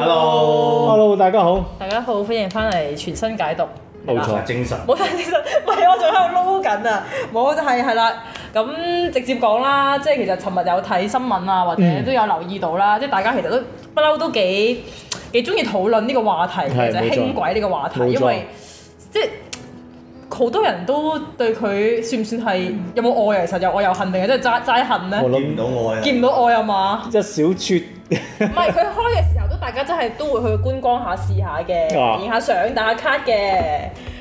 hello hello 大家好，大家好，歡迎翻嚟傳新解毒，冇錯精神，冇錯精神，唔係我仲喺度撈緊啊，冇就係係啦，咁直接講啦，即係其實尋日有睇新聞啊，或者都有留意到啦，即係大家其實都不嬲都幾幾中意討論呢個話題嘅啫，輕軌呢個話題，因為即係好多人都對佢算唔算係有冇愛啊？其實又愛又恨定係真係齋齋恨咧？我諗唔到愛，見唔到愛啊嘛，一小撮，唔係佢開嘅。大家真係都會去觀光下試下嘅，影、啊、下相打、打下卡嘅。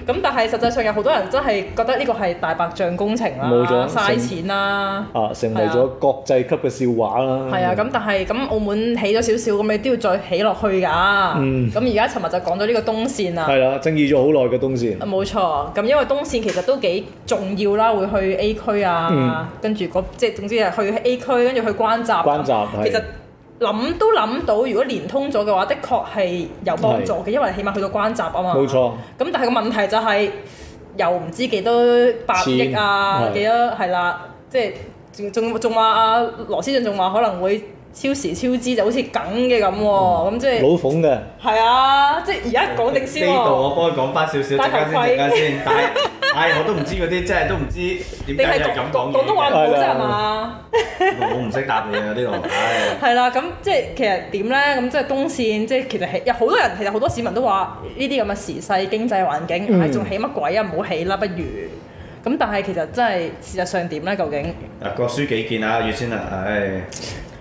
咁但係實際上有好多人真係覺得呢個係大白象工程、啊，嘥了錢啦、啊啊。成為咗國際級嘅笑話啦。係啊，咁、啊、但係咁澳門起咗少少，咁你都要再起落去㗎、啊。咁而家尋日就講咗呢個東線啦。係啦、啊，爭議咗好耐嘅東線。冇錯。咁因為東線其實都幾重要啦，會去 A 區啊，嗯、跟住即係總之係去 A 區，跟住去關閘。關閘係。其諗都諗到，如果連通咗嘅話，的確係有幫助嘅，的因為起碼去到關閘啊嘛。冇沒錯。咁但係個問題就係、是，又唔知幾多百億啊，幾多係啦，即係仲仲仲話阿羅先生仲話可能會。超時超支就好似梗嘅咁喎，咁即係老馮嘅。係啊，即係而家講定先呢度我幫你講翻少少，大家先，大家先。唉，我都唔知嗰啲，即係都唔知點解係咁講嘅。講都話唔好啫嘛。我唔識答你啊，呢度唉。係啦，咁即係其實點咧？咁即係東線，即係其實起有好多人，其實好多市民都話呢啲咁嘅時勢、經濟環境，唉，仲起乜鬼啊？唔好起啦，不如。咁但係其實真係事實上點咧？究竟？啊，各抒己見啊，月先啊，唉。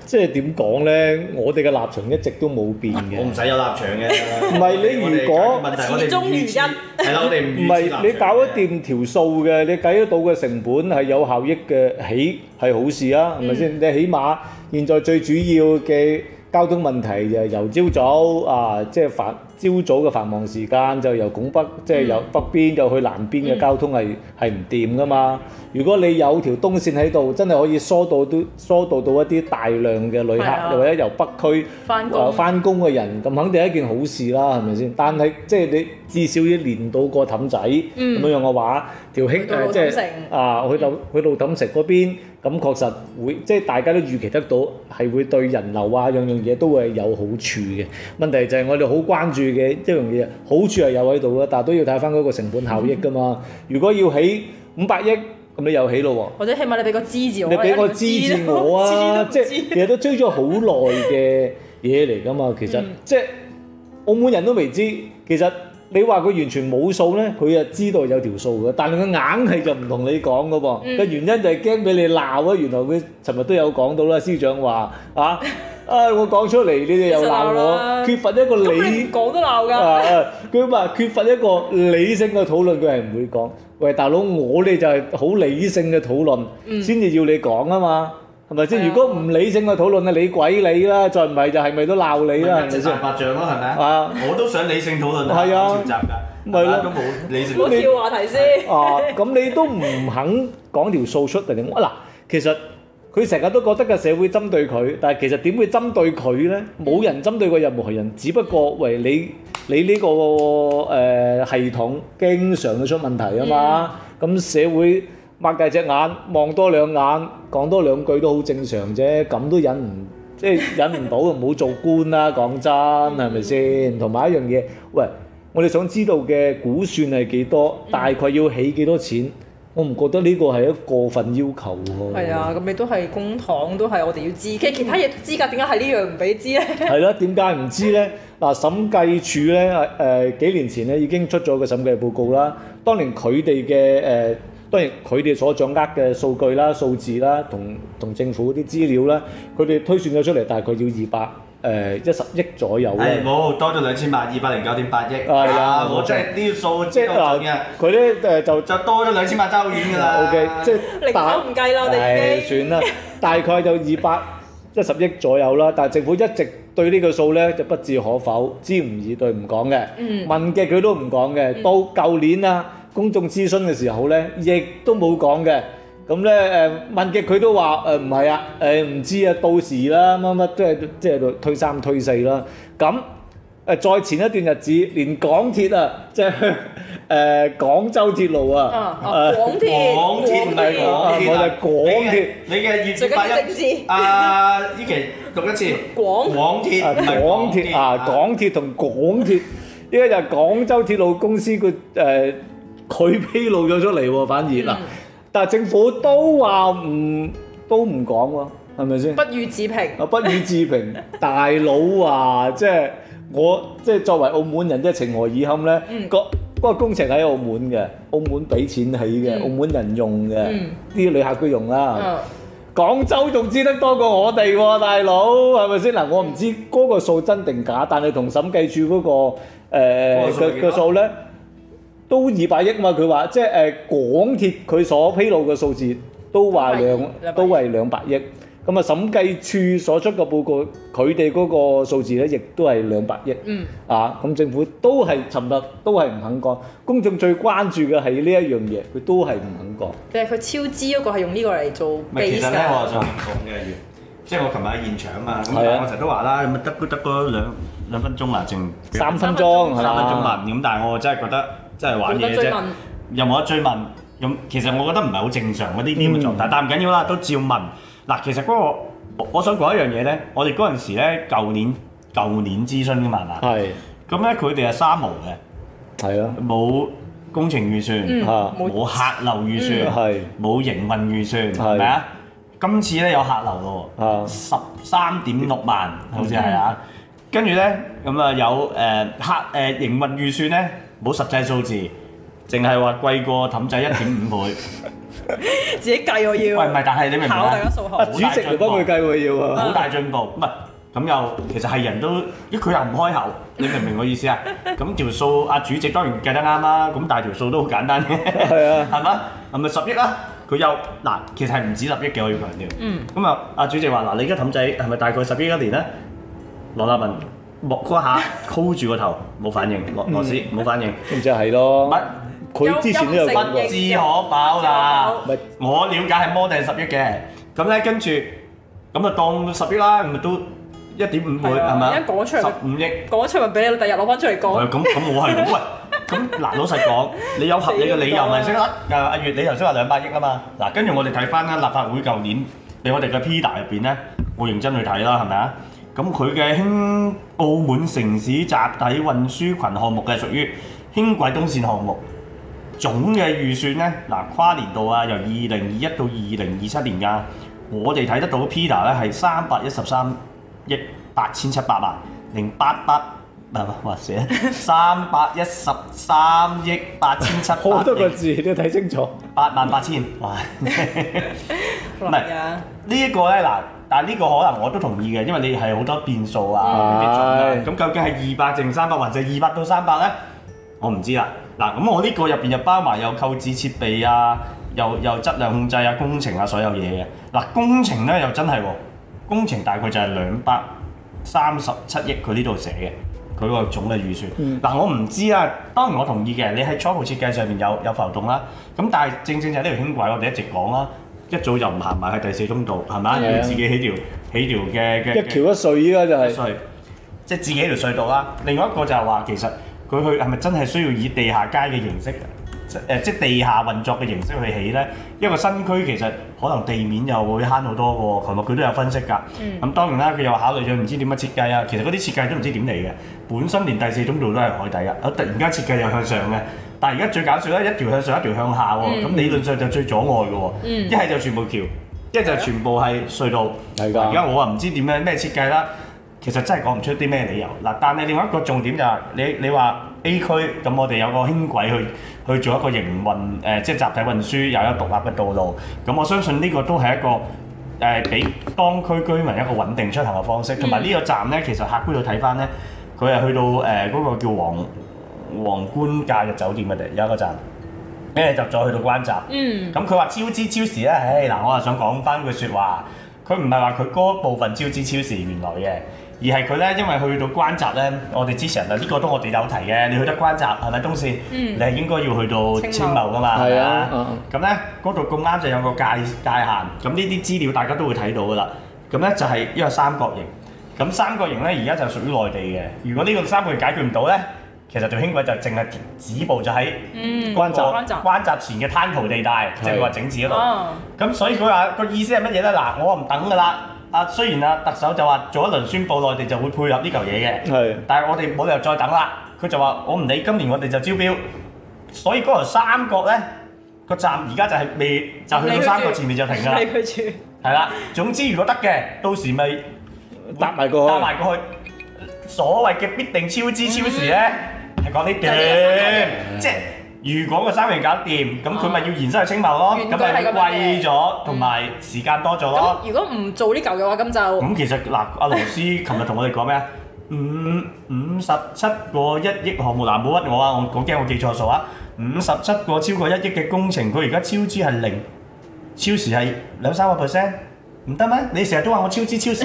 即係點講咧？我哋嘅立場一直都冇變嘅，啊。我唔使有立場嘅。唔係 你如果我問題我始終如一，係咯， 我哋唔係你搞得掂條數嘅，你計得到嘅成本係有效益嘅，起係好事啊，係咪先？嗯、你起碼現在最主要嘅交通問題就係由朝早啊，即係反。朝早嘅繁忙時間就由拱北即係由北邊就去南邊嘅交通係係唔掂㗎嘛。如果你有條東線喺度，真係可以疏導到疏導到一啲大量嘅旅客，又或者由北區翻工嘅人，咁肯定係一件好事啦，係咪先？但係即係你至少要連到個氹仔咁樣嘅話，條興即係啊去到去到氹城嗰邊，咁確實會，即係大家都預期得到係會對人流啊樣樣嘢都會有好處嘅。問題，就係我哋好關注。嘅一樣嘢，好處係有喺度咯，但係都要睇翻嗰個成本效益噶嘛。嗯、如果要起五百億，咁你又起咯喎。或者起碼你俾個支字我，你俾個支字我啊，即係其，其實都追咗好耐嘅嘢嚟噶嘛。其實、嗯、即係澳門人都未知，其實你話佢完全冇數咧，佢又知道有條數嘅，但係佢硬係就唔同你講噶噃。嘅、嗯、原因就係驚俾你鬧啊！原來佢尋日都有講到啦，司長話啊。 啊！我講出嚟，你哋又鬧我，缺乏一個理講都鬧噶。佢話缺乏一個理性嘅討論，佢係唔會講。喂，大佬，我哋就係好理性嘅討論，先至要你講啊嘛，係咪先？如果唔理性嘅討論，你鬼理啦！再唔係就係咪都鬧你啦？百丈咯，係咪啊？我都想理性討論，但係我跳閘㗎，都冇理性嘅討論。跳話題先。咁你都唔肯講條數出嚟㗎？嗱，其實。佢成日都覺得個社會針對佢，但係其實點會針對佢咧？冇人針對過任何人，只不過喂你你呢、呢個誒、呃、系統經常會出問題啊嘛。咁、嗯、社會擘大隻眼望多兩眼，講多兩句都好正常啫。咁都忍唔即係忍唔到，冇 做官啦、啊。講真係咪先？同埋、嗯、一樣嘢，喂，我哋想知道嘅估算係幾多？大概要起幾多錢？嗯我唔覺得呢個係一個過分要求喎。係啊，咁你都係公帑都係我哋要知，其實其他嘢資格點解係呢樣唔俾知咧？係咯，點解唔知咧？嗱，審計署咧誒、呃、幾年前咧已經出咗個審計報告啦。當年佢哋嘅誒，當然佢哋所掌握嘅數據啦、數字啦，同同政府啲資料啦，佢哋推算咗出嚟大概要二百誒、呃、一十億左右。冇、哎、多咗兩千八二百零九點八億。係的啊，有我最數即係啲數，即係佢啲誒就就多咗兩千八，爭好遠㗎啦。嗯、o、okay, K，即係零頭唔計啦，哎、我哋已經算啦了。 大概就二百一十億左右啦。但係政府一直對呢個數咧就不置可否，知唔以對唔講嘅。嗯、問嘅佢都唔講嘅。到舊年啊，公眾諮詢嘅時候咧，亦都冇講嘅。咁咧，誒問嘅佢都話，誒唔係啊，誒唔知啊，到時啦，乜乜都係，即係推三推四啦。咁誒再前一段日子，連港鐵啊，即係誒廣州鐵路啊，啊廣鐵，廣鐵唔係，我啊，我就廣鐵你嘅業績啊，依期讀一次，廣，廣鐵，廣鐵啊，港鐵同廣鐵呢個就廣州鐵路公司個誒，佢披露咗出嚟喎，反而嗱。政府都話唔都唔講喎，係咪先？不予置評，評。啊，不予置評，大佬啊，即係我即係作為澳門人，即係情何以堪咧？個嗰、嗯、個工程喺澳門嘅，澳門俾錢起嘅，嗯、澳門人用嘅，啲旅、嗯、客佢用啦。嗯、廣州仲知得多過我哋喎、啊，大佬，係咪先？嗱，嗯、我唔知嗰個數真定假，但係同審計處嗰、嗰個誒嘅、呃、數咧。都二百億嘛，佢話即係誒港鐵佢所披露嘅數字都話兩都係兩百億，咁啊審計處所出嘅報告，佢哋嗰個數字咧亦都係兩百億。嗯，啊咁政府都係沉默，都係唔肯講。公眾最關注嘅係呢一樣嘢，佢都係唔肯講。即係佢超支嗰個係用呢個嚟做其實咧我就唔講嘅， 即係我琴晚喺現場啊嘛，咁的我成日都話啦，咁得得嗰兩,兩分鐘啊，剩三分鐘三分鐘文，咁但係我真係覺得。即係玩嘢啫，又冇得追問？咁其實我覺得唔係好正常嘅啲嘅狀態，但唔緊要啦，都照問。嗱，其實嗰個，我想講一樣嘢咧，我哋嗰陣時咧，舊年舊年諮詢㗎嘛，係嘛？係。咁咧，佢哋係三無嘅，係啊，冇工程預算，冇客流預算，係，冇營運預算，係咪啊？今次咧有客流喎，十三點六萬，好似係啊。跟住咧，咁啊有誒客誒營運預算咧。冇實際數字，淨係話貴過氹仔一點五倍。 自己計我要。喂，唔係，但係你明唔明啊？考大家數學。主席幫佢計我要啊。好大進步。唔係、嗯，咁又其實係人都，咦佢又唔開口，你明唔明我意思 啊？咁條數阿主席當然計得啱啦，咁大條數都好簡單嘅。係 啊。係嘛？係咪十億啊？佢又。嗱，其實係唔止十億嘅，我要強調。嗯。咁啊，阿主席話嗱，你而家氹仔係咪大概十億一年咧？羅立文。剝嗰下，箍住個頭，冇反應，螺螺絲冇反應，都唔知係咯。唔係佢之前都有講過，不知可否啦。唔係我了解係摸定十億嘅，咁咧跟住咁啊當十億啦，咪都一點五倍係咪啊？一講出十五億，講出咪俾你第日攞翻出嚟講。係咁咁，我係攞啊。咁嗱，老實講，你有合理嘅理由咪先得。阿阿月，你頭先話兩百億啊嘛。嗱，跟住我哋睇翻咧立法會舊年俾我哋嘅 PIDDA 入邊咧，我認真去睇啦，係咪啊？咁佢嘅輕澳門城市集體運輸群項目嘅屬於輕軌東線項目，總嘅預算呢，嗱，跨年度啊，由二零二一到二零二七年啊，我哋睇得到 Peter 咧係三百一十三億八千七百萬零八百，唔係唔話三百一十三億八千七百，好多個字都睇清楚，八萬八千，唔呢一個呢？嗱。但係呢個可能我都同意嘅，因為你係好多變數啊。咁、哎啊、究竟係二百定三百，或者二百到三百呢？我唔知啦。嗱，咁我呢個入邊就包埋有購置設備啊，又又質量控制啊、工程啊所有嘢嘅。嗱，工程呢又真係喎、啊，工程大概就係兩百三十七億，佢呢度寫嘅，佢個總嘅預算。嗱、嗯啊，我唔知啦、啊。當然我同意嘅，你喺初步設計上面有有浮動啦、啊。咁但係正正就係呢條輕軌，我哋一直講啦。一早就唔行埋去第四通道，係咪？要吧自己起條起條嘅嘅一橋一隧依家就係，即、就、係、是、自己起條隧道啦。另外一個就係話，其實佢去係咪真係需要以地下街嘅形式，呃、即係地下運作嘅形式去起呢？一個新區其實可能地面又會慳好多喎，同佢都有分析㗎。咁、嗯、當然啦，佢又考慮咗唔知點樣設計啊。其實嗰啲設計都唔知點嚟嘅，本身連第四通道都係海底嘅，突然間設計又向上嘅。但係而家最搞笑咧，一條向上，一條向下喎，咁、mm hmm. 理論上就最阻礙嘅喎，一係、mm hmm. 就全部橋，一係就全部係隧道。係而家我啊唔知點樣咩設計啦，其實真係講唔出啲咩理由。嗱，但係另外一個重點就係、是、你你話 A 區，咁我哋有個輕軌去去做一個營運，誒即係集體運輸又有獨立嘅道路。咁我相信呢個都係一個誒俾當區居民一個穩定出行嘅方式。同埋呢個站咧，其實客觀度睇翻咧，佢係去到誒嗰個叫黃。皇冠假日酒店嘅地，有一個站，咩就再去到關閘，咁佢話超支超時咧，唉、哎、嗱，我又想講翻句説話，佢唔係話佢嗰部分超支超時原來嘅，而係佢咧因為去到關閘咧，我哋之前啊呢個都我哋有提嘅，你去得關閘係咪董事，東嗯、你係應該要去到青茂噶嘛，係茂啊，咁咧嗰度咁啱就有個界界限，咁呢啲資料大家都會睇到噶啦，咁咧就係一為三角形，咁三角形咧而家就屬於內地嘅，如果呢個三角形解決唔到咧？其實做輕軌就淨係止步就喺關閘關閘前嘅灘塗地帶，即係話整治嗰度。咁、哦、所以佢話個意思係乜嘢咧？嗱， 我唔等噶啦。阿雖然阿特首就話做一輪宣佈，內地就會配合呢嚿嘢嘅。係是。但係我哋冇理由再等啦。佢就話：我唔理今年，我哋就招標。所以嗰個三角咧，嗰個站而家就係未就去到三角前面就停㗎啦。係啦，總之如果得嘅，到時咪 搭埋過搭埋過去。所謂嘅必定超支超時咧。嗯講啲點，即係如果個三明搞掂，咁佢咪要延伸去青茂咯？咁咪貴咗，同埋時間多咗咯。如果唔做呢嚿嘅話，咁就咁其實嗱，阿羅師琴日同我哋講咩啊？五五十七個一億項目，嗱冇屈我啊！我驚我記錯數啊！五十七個超過一億嘅工程，佢而家超支係零，超時係兩三個 percent，唔得咩？你成日都話我超支超時，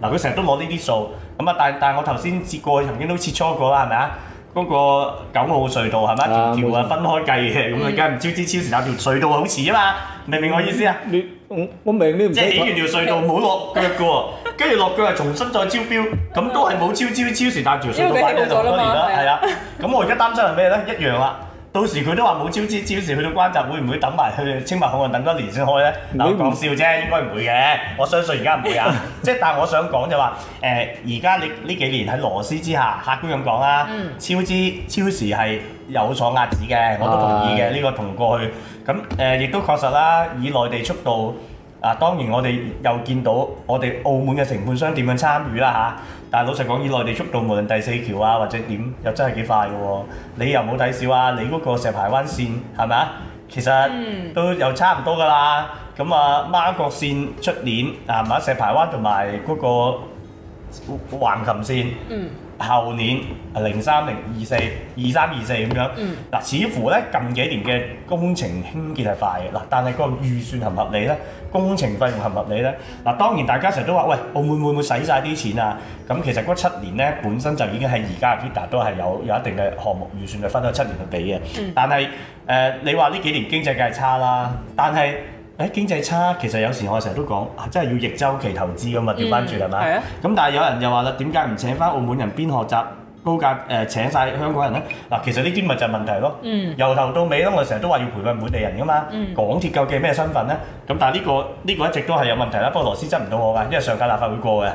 嗱佢成日都攞呢啲數，咁啊但但係我頭先接過曾經都切錯過啦，係咪啊？嗰個九號隧道係咪？條條係分開計嘅，咁你梗係唔超超時搭條隧道好似啊嘛？明唔明我意思啊？你我我明，你唔即係起完條隧道冇落腳嘅喎，跟住落腳係重新再招標，咁都係冇超支超時搭條隧道，快咗多年啦，係啊！咁我而家擔心係咩咧？一樣啦。到時佢都話冇超支超時，去到關閘會唔會等埋去青茂口岸等多年先開呢？嗱，講笑啫，應該唔會嘅，我相信而家唔會啊。即係，但係我想講就話、是，誒、呃，而家你呢幾年喺螺絲之下，客觀咁講啦，超支超時係有所壓止嘅，我都同意嘅。呢的個同過去咁誒、呃，亦都確實啦。以內地速度啊、呃，當然我哋又見到我哋澳門嘅承判商點樣參與啦嚇。呃但係老實講，以內地速度，無論第四橋啊，或者點，又真係幾快嘅喎。你又冇睇少啊，你嗰個石排灣線係咪啊？其實都又差唔多㗎啦。咁啊，媽閣線出年啊，係咪？石排灣同埋嗰個橫琴線。嗯後年零三零二四二三二四咁樣，嗱、嗯，似乎咧近幾年嘅工程興建係快嘅，嗱，但係個預算合唔合理咧？工程費用合唔合理咧？嗱，當然大家成日都話，喂，澳門會唔會使晒啲錢啊？咁其實嗰七年咧本身就已經係而家嘅 budget 都係有有一定嘅項目預算係分咗七年去俾嘅，嗯、但係誒、呃，你話呢幾年經濟梗係差啦，但係。誒、欸、經濟差，其實有時我成日都講、啊，真係要逆週期投資㗎嘛，調翻轉係嘛？咁的但係有人又話啦，點解唔請翻澳門人邊學習高價誒、呃、請晒香港人咧？嗱，其實呢啲咪就係問題咯。嗯、由頭到尾咧，我成日都話要培訓本地人㗎嘛。嗯、港鐵究竟咩身份咧？咁但係、這、呢個呢、這個一直都係有問題啦。不過羅斯執唔到我㗎，因為上屆立法會過嘅。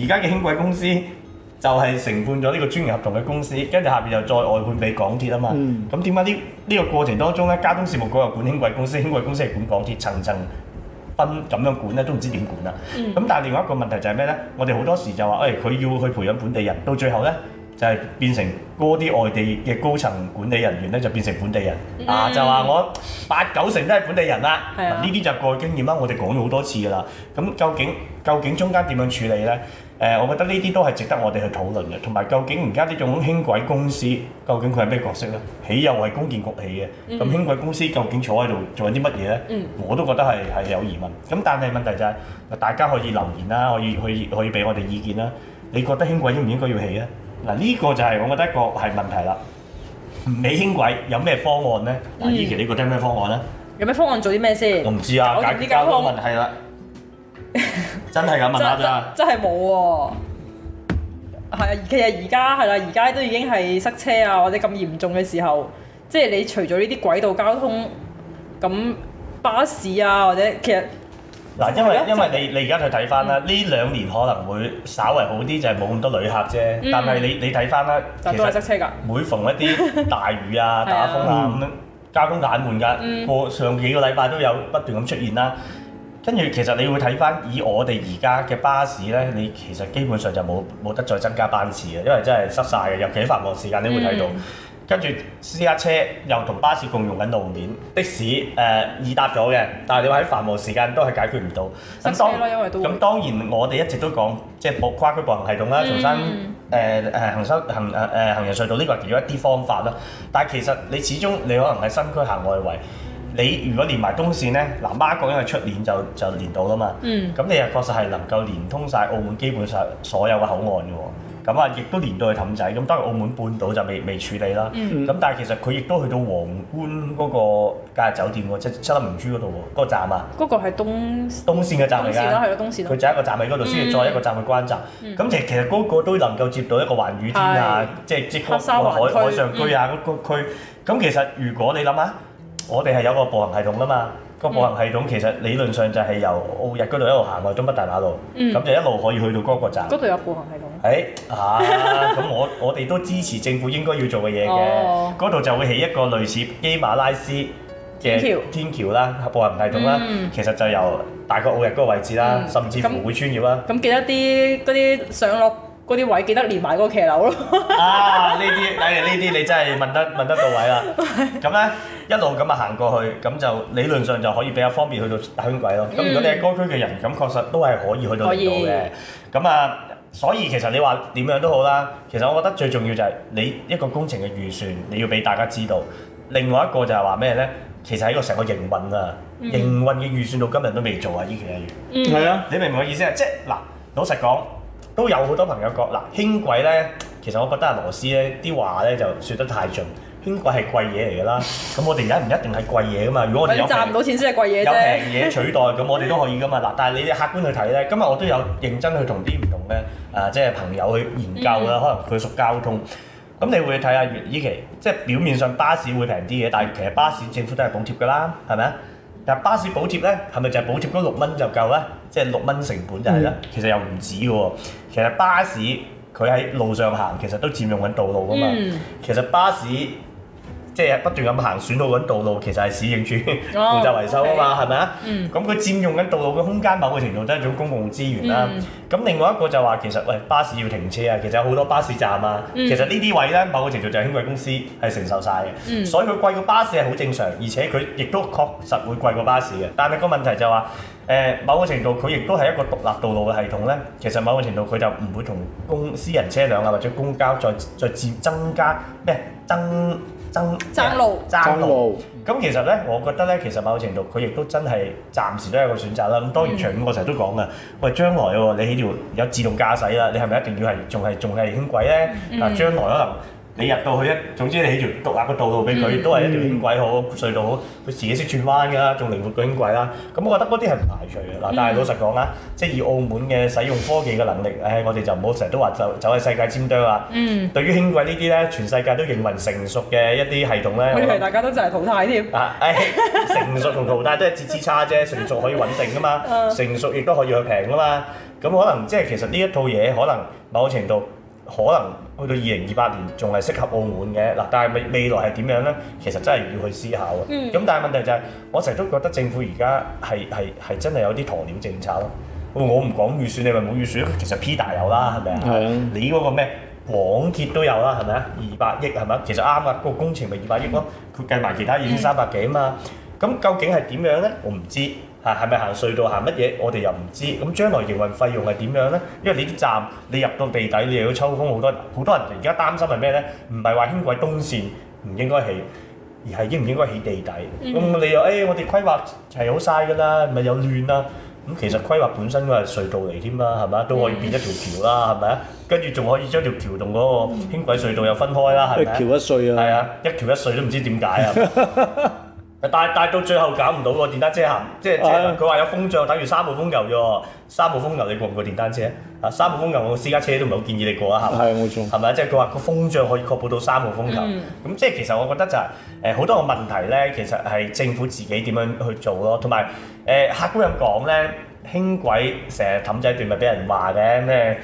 而家嘅輕軌公司，就係承判咗呢個專營合同嘅公司，跟住下邊又再外判俾港鐵啊嘛。咁點解呢呢個過程當中呢？交通事務局又管輕軌公司，輕軌公司又管港鐵，層層分咁樣管呢都唔知點管啦、啊。咁、嗯、但係另外一個問題就係咩呢？我哋好多時就話，誒、哎、佢要去培養本地人，到最後呢，就係變成嗰啲外地嘅高層管理人員呢，就變成本地人、嗯、啊，就話我八九成都係本地人啦。呢啲的就過去經驗啦，我哋講咗好多次噶啦。咁究竟究竟中間點樣處理呢？誒，我覺得呢啲都係值得我哋去討論嘅，同埋究竟而家呢種輕軌公司究竟佢係咩角色咧？起又係公建局起嘅，咁輕軌公司究竟坐喺度做緊啲乜嘢咧？嗯、我都覺得係係有疑問。咁但係問題就係、是，大家可以留言啦，可以可以可以俾我哋意見啦。你覺得輕軌應唔應該要起咧？嗱、這、呢個就係我覺得一個係問題啦。唔起輕軌有咩方案咧？嗱、嗯，以前你覺得咩方案咧？有咩方案做啲咩先？我唔知啊，解決交通問題啦。 真係咁問下咋？真係冇喎，係啊！其實而家係啦，而家都已經係塞車啊，或者咁嚴重嘅時候，即係你除咗呢啲軌道交通，咁巴士啊，或者其實嗱，因為的因為你是你而家去睇翻啦，呢、嗯、兩年可能會稍為好啲，就係冇咁多旅客啫。嗯、但係你你睇翻啦，其實都係塞車㗎。每逢一啲大雨啊、嗯、打風啊咁樣，交通癱瘓㗎。過上幾個禮拜都有不斷咁出現啦。嗯嗯跟住，其實你會睇翻，以我哋而家嘅巴士咧，你其實基本上就冇冇得再增加班次嘅，因為真係塞晒嘅。尤其喺繁忙時間，你會睇到。嗯、跟住私家車又同巴士共用緊路面，嗯、的士誒易、呃、搭咗嘅，但係你話喺繁忙時間都係解決唔到。咁當然我哋一直都講，即係擴跨區步行，行系統啦，嗯、重新誒誒、呃、行修行誒誒行人隧道，呢個係其中一啲方法啦。但係其實你始終你可能喺新區行外圍。你如果連埋東線咧，嗱孖角因為出年就就連到啦嘛，咁你又確實係能夠連通晒澳門基本上所有嘅口岸嘅喎，咁啊亦都連到去氹仔，咁當然澳門半島就未未處理啦，咁但係其實佢亦都去到皇冠嗰個假日酒店喎，即係七粒明珠嗰度喎，嗰個站啊，嗰個係東東線嘅站嚟㗎，佢就一個站喺嗰度，先至再一個站去關閘，咁其其實嗰個都能夠接到一個環宇天下，即係即刻海海上居啊嗰個區，咁其實如果你諗下。我哋係有個步行系統噶嘛，個步行系統其實理論上就係由澳日嗰度一路行過東北大馬路，咁、嗯、就一路可以去到嗰個站。嗰度有步行系統？誒、哎，嚇、啊！咁 我我哋都支持政府應該要做嘅嘢嘅。嗰度、哦、就會起一個類似基馬拉斯嘅天橋啦、橋步行系統啦。嗯、其實就由大概澳日嗰個位置啦，嗯、甚至乎會穿越啦。咁記、嗯、得啲嗰啲上落。嗰啲位記得連埋嗰個騎樓咯。啊，呢啲，呢啲 你真係問得問得到位啦。咁咧 一路咁啊行過去，咁就理論上就可以比較方便去到大興軌咯。咁、嗯、如果你係高區嘅人，咁確實都係可以去到呢度嘅。咁以啊，所以其實你話點樣都好啦。其實我覺得最重要就係你一個工程嘅預算，你要俾大家知道。另外一個就係話咩咧？其實喺個成個營運啊，嗯、營運嘅預算到今日都未做啊！呢期一月，嗯，係啊，你明唔明我意思啊？即係嗱，老實講。都有好多朋友講嗱，輕軌咧，其實我覺得阿羅斯咧啲話咧就説得太盡，輕軌係貴嘢嚟㗎啦。咁 我哋而家唔一定係貴嘢啊嘛。如果我哋有賺唔到錢先係貴嘢 有平嘢取代，咁我哋都可以㗎嘛。嗱，但係你哋客觀去睇咧，今日我都有認真去同啲唔同嘅誒，即係、 啊就是、朋友去研究啦。可能佢屬交通，咁 你會睇下以期，即係表面上巴士會平啲嘢，但係其實巴士政府都係補貼㗎啦，係咪啊？但巴士補貼咧，係咪就係補貼嗰六蚊就夠呢？即係六蚊成本就係啦。其實又唔止嘅喎。其實巴士佢喺路上行，其實都佔用緊道路㗎嘛。嗯、其實巴士。即係不斷咁行選路揾道路，其實係市政署負責維修啊嘛，係咪啊？咁佢佔用緊道路嘅空間，某個程度都係一種公共資源啦。咁、嗯、另外一個就話，其實喂巴士要停車啊，其實有好多巴士站啊，mm. 其實呢啲位呢，某個程度就係輕軌公司係承受晒嘅。Mm. 所以佢貴過巴士係好正常，而且佢亦都確實會貴過巴士嘅。但係個問題就話，誒、呃、某個程度佢亦都係一個獨立道路嘅系統呢，其實某個程度佢就唔會同公私人車輛啊或者公交再再增加咩增。爭路爭路，咁其實咧，我覺得咧，其實某程度佢亦都真係暫時都係個選擇啦。咁當然，長遠我成日都講㗎，喂，將來喎，你起條有自動駕駛啦，你係咪一定要係仲係仲係輕軌咧？嗱、嗯，將來可能。你入到去一，總之你起條獨立嘅道路俾佢，都係一條輕軌好隧道好，佢自己識轉彎㗎啦，仲靈活過輕軌啦。咁我覺得嗰啲係唔排除嘅，但係老實講啦，即係以澳門嘅使用科技嘅能力，誒，我哋就唔好成日都話走走喺世界尖端啦。嗯。對於輕軌呢啲咧，全世界都認為成熟嘅一啲系統咧，我以為大家都就係淘汰添。啊，成熟同淘汰都係一字之差啫，成熟可以穩定㗎嘛，成熟亦都可以去平㗎嘛。咁可能即係其實呢一套嘢，可能某程度。可能去到二零二八年仲係適合澳門嘅嗱，但係未未來係點樣呢？其實真係要去思考嘅。咁、嗯、但係問題就係、是，我成日都覺得政府而家係係係真係有啲鴕鳥政策咯、哦。我唔講預算，你咪冇預算其實 P 大有啦，係咪啊？嗯、你嗰個咩廣鐵都有啦，係咪啊？二百億係咪啊？其實啱噶，個工程咪二百億咯。佢、嗯、計埋其他二千三百幾啊嘛。咁、嗯、究竟係點樣呢？我唔知。係咪行隧道行乜嘢？我哋又唔知。咁將來營運費用係點樣呢？因為你啲站你入到地底，你又要抽風好多。好多人而家擔心係咩呢？唔係話輕軌東線唔應該起，而係應唔應該起地底。咁、嗯、你又誒、哎，我哋規劃係好晒㗎啦，咪又亂啦、啊。咁其實規劃本身都係隧道嚟添嘛，係咪？都可以變一條橋啦，係咪啊？跟住仲可以將條橋同嗰個輕軌隧道又分開啦，係咪？一條一隧啊！係啊，一條一隧都唔知點解啊！ 但係但係到最後搞唔到喎，電單車行，即係佢話有風障，等於三號風球啫喎，三號風球你過唔過電單車啊？三號風球我私家車都唔係好建議你過啊，係咪？係咪？即係佢話個風障可以確保到三號風球，咁即係其實我覺得就係誒好多個問題咧，其實係政府自己點樣去做咯，同埋誒客觀咁講咧，輕軌成日氹仔段咪俾人話嘅咩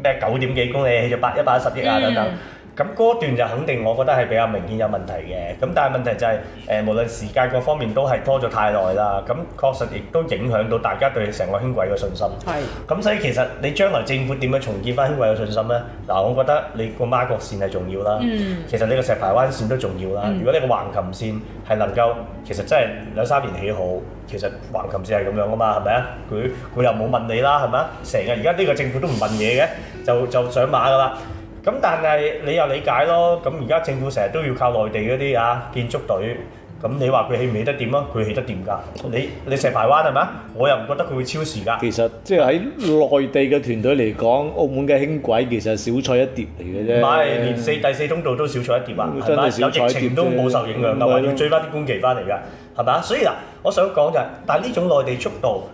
咩九點幾公里起咗八、一百一十億啊等等。嗯咁嗰段就肯定，我覺得係比較明顯有問題嘅。咁但係問題就係、是，誒、呃、無論時間各方面都係拖咗太耐啦。咁確實亦都影響到大家對成個輕軌嘅信心。係是。咁所以其實你將來政府點樣重建翻輕軌嘅信心咧？嗱，我覺得你個媽閣線係重要啦。嗯、其實你個石排灣線都重要啦。嗯、如果你個橫琴線係能夠，其實真係兩三年起好，其實橫琴線係咁樣噶嘛，係咪啊？佢佢又冇問你啦，係咪啊？成日而家呢個政府都唔問嘢嘅，就就上馬噶啦。咁但係你又理解咯，咁而家政府成日都要靠內地嗰啲啊建築隊，咁你話佢起唔起得掂啊？佢起得掂㗎，你你石排灣係咪啊？我又唔覺得佢會超時㗎。其實即係喺內地嘅團隊嚟講，澳門嘅輕軌其實小菜一碟嚟嘅啫。唔係，連四第四通道都小菜一碟啊，係咪、嗯、吧有疫情都冇受影響㗎，要、嗯、追翻啲工期翻嚟㗎，係咪啊？所以嗱，我想講就係，但係呢種內地速度。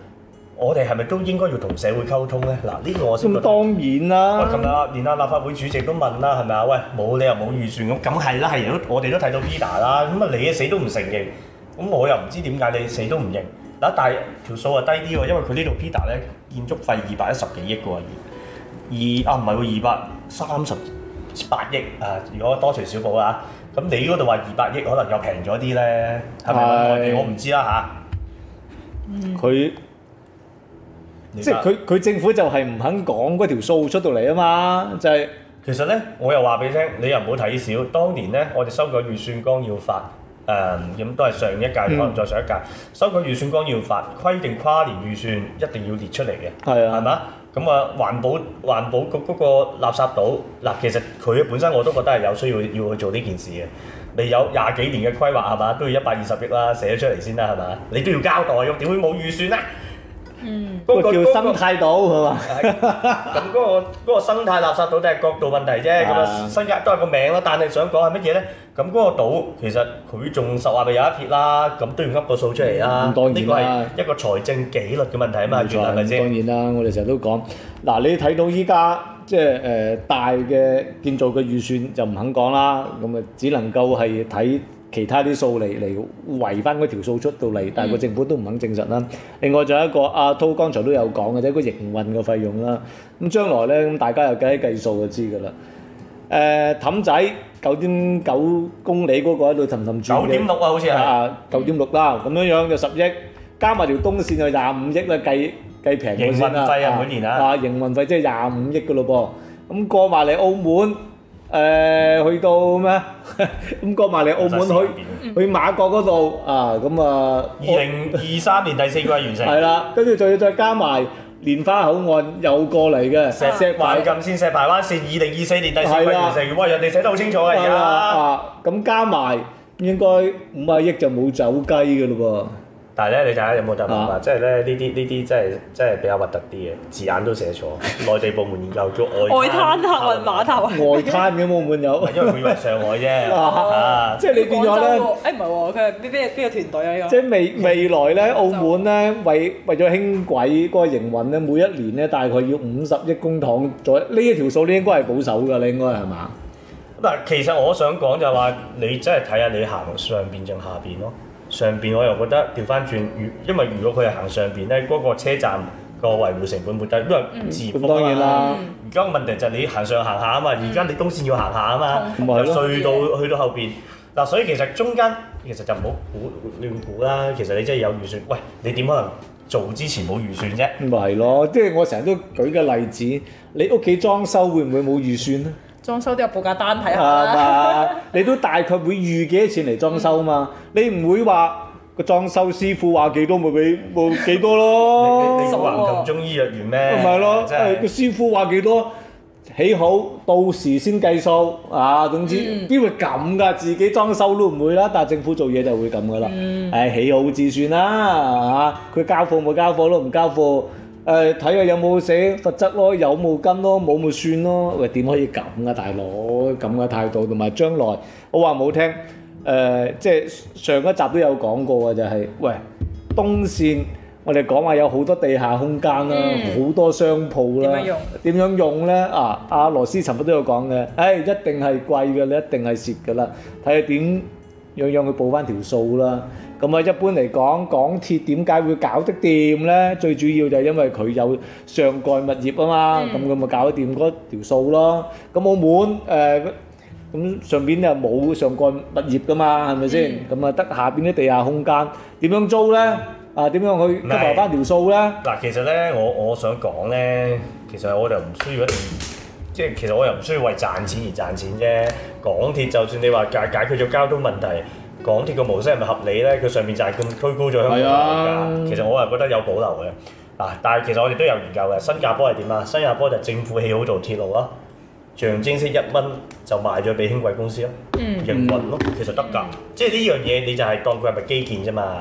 我哋係咪都應該要同社會溝通咧？嗱，呢個我先咁當然啦。咁啊，連啊立法會主席都問啦，係咪啊？喂，冇理由冇預算咁，梗係啦。係人都我哋都睇到 Pida 啦。咁啊，你死都唔承認。咁我又唔知點解你死都唔認。嗱，但係條數啊低啲喎，因為佢呢度 Pida 咧建築費二百一十幾億喎，二啊唔係喎，二百三十八億啊，如果多除少補啊。咁你嗰度話二百億可能又平咗啲咧，係咪是我唔知啦吓？啊、嗯。佢。即係佢佢政府就係唔肯講嗰條數出到嚟啊嘛，就係、是、其實咧，我又話俾你聽，你又唔好睇少。當年咧，我哋修改預算綱要法，誒、嗯、咁都係上一屆可能再上一屆修改、嗯、預算綱要法，規定跨年預算一定要列出嚟嘅，係是啊，係嘛？咁啊，環保環保局、那、嗰、個那個垃圾島嗱，其實佢本身我都覺得係有需要要去做呢件事嘅。你有廿幾年嘅規劃係嘛，都要一百二十億啦，寫咗出嚟先啦係嘛，你都要交代，點會冇預算啊？嗯，嗰個、嗰個生態島係嘛？咁嗰個生態垃圾島都係角度問題啫。咁啊，新加都係個名咯。但係想講係乜嘢咧？咁、嗰、嗰個島其實佢仲實話咪有一撇啦，咁都要噏個數出嚟啦。咁、嗯、當然啦，係一個財政紀律嘅問題啊嘛，係咪先？當然啦，然我哋成日都講嗱，嗯、你睇到依家即係誒大嘅建造嘅預算就唔肯講啦，咁啊只能夠係睇。其他啲數嚟嚟圍翻嗰條數出到嚟，但係個政府都唔肯證實啦。另外仲有一個阿濤，剛才都有講嘅，即係個營運嘅費用啦。咁將來咧，咁大家又計一計數就知㗎啦。誒氹仔九點九公里嗰個喺度氹氹轉，九點六啊，好似係啊，九點六啦，咁樣樣就十億，加埋條東線就廿五億啦，計計平佢先啦。營運費啊，每年啊，啊營運費即係廿五億㗎咯噃，咁過埋嚟澳門，誒、嗯、去到咩？咁 過埋嚟澳門去、嗯、去馬國嗰度啊！咁啊，二零二三年第四季完成係啦，跟住仲要再加埋蓮花口岸又過嚟嘅石石橫琴線、石排灣線，二零二四年第四季完成。哇、啊！人哋寫得好清楚嘅，係啦啊！咁、啊啊、加埋應該五啊億就冇走雞㗎嘞噃。但係咧，你睇下有冇答案啊？即係咧，呢啲呢啲真係真係比較核突啲嘅字眼都寫錯。 內地部門又叫外外灘客運碼頭。外灘嘅澳門有，滿有， 因為佢以為上海啫。啊啊、即係你變咗咧？誒唔係佢係邊邊邊個團隊啊？呢即係未未來咧，澳門咧，為為咗輕軌嗰個營運咧，每一年咧大概要五十億公帑。再呢一條數咧，應該係保守㗎，你應該係嘛？嗱，其實我想講就係話，你真係睇下你行上邊定下邊咯。上邊我又覺得調翻轉，如因為如果佢係行上邊咧，嗰、那個車站個維護成本會低，因為自然好、啊嗯、多嘢啦、啊。而家個問題就係你行上行下啊嘛，而家、嗯、你東線要行下啊嘛，嗯、隧道、嗯、去到後邊嗱，嗯、所以其實中間其實就唔好估亂估啦。其實你真係有預算，喂，你點可能做之前冇預算啫？唔係咯，即係我成日都舉個例子，你屋企裝修會唔會冇預算咧？裝修都有報價單睇下啦，你都大概會預幾多錢嚟裝修嘛？你唔會話個裝修師傅話幾多咪俾，冇幾多咯。你你冇雲南中醫藥園咩？唔係咯，即係個師傅話幾多起好，到時先計數啊。總之邊會咁㗎？自己裝修都唔會啦，但係政府做嘢就會咁㗎啦。誒起好至算啦嚇，佢交貨咪交貨咯，唔交貨。誒睇下有冇寫罰則咯，有冇跟咯，冇咪算咯。喂，點可以咁噶？啊，大佬咁嘅態度，同埋將來我話唔好聽，誒、呃、即係上一集都有講過嘅、就是，就係喂東線，我哋講話有好多地下空間啦，好、嗯、多商鋪啦，點樣用咧？啊，阿羅斯尋日都有講嘅，誒、哎、一定係貴嘅，你一定係蝕㗎啦，睇下點。樣樣佢報翻條數啦，咁啊一般嚟講，港鐵點解會搞得掂咧？最主要就係因為佢有上蓋物業啊嘛，咁佢咪搞得掂嗰條數咯。咁澳門誒，咁上邊啊冇上蓋物業噶嘛，係咪先？咁啊得下邊啲地下空間點樣租咧？啊點樣佢報翻條數咧？嗱，其實咧我我想講咧，其實我就唔需要一定。即係其實我又唔需要為賺錢而賺錢啫。港鐵就算你話解解決咗交通問題，港鐵個模式係咪合理咧？佢上面就係咁推高咗香港樓價。其實我係覺得有保留嘅。嗱、啊，但係其實我哋都有研究嘅。新加坡係點啊？新加坡就政府起好做鐵路咯，象徵式一蚊就賣咗俾輕軌公司咯，營運咯，其實得㗎。嗯、即係呢樣嘢你就係當佢係咪基建啫嘛？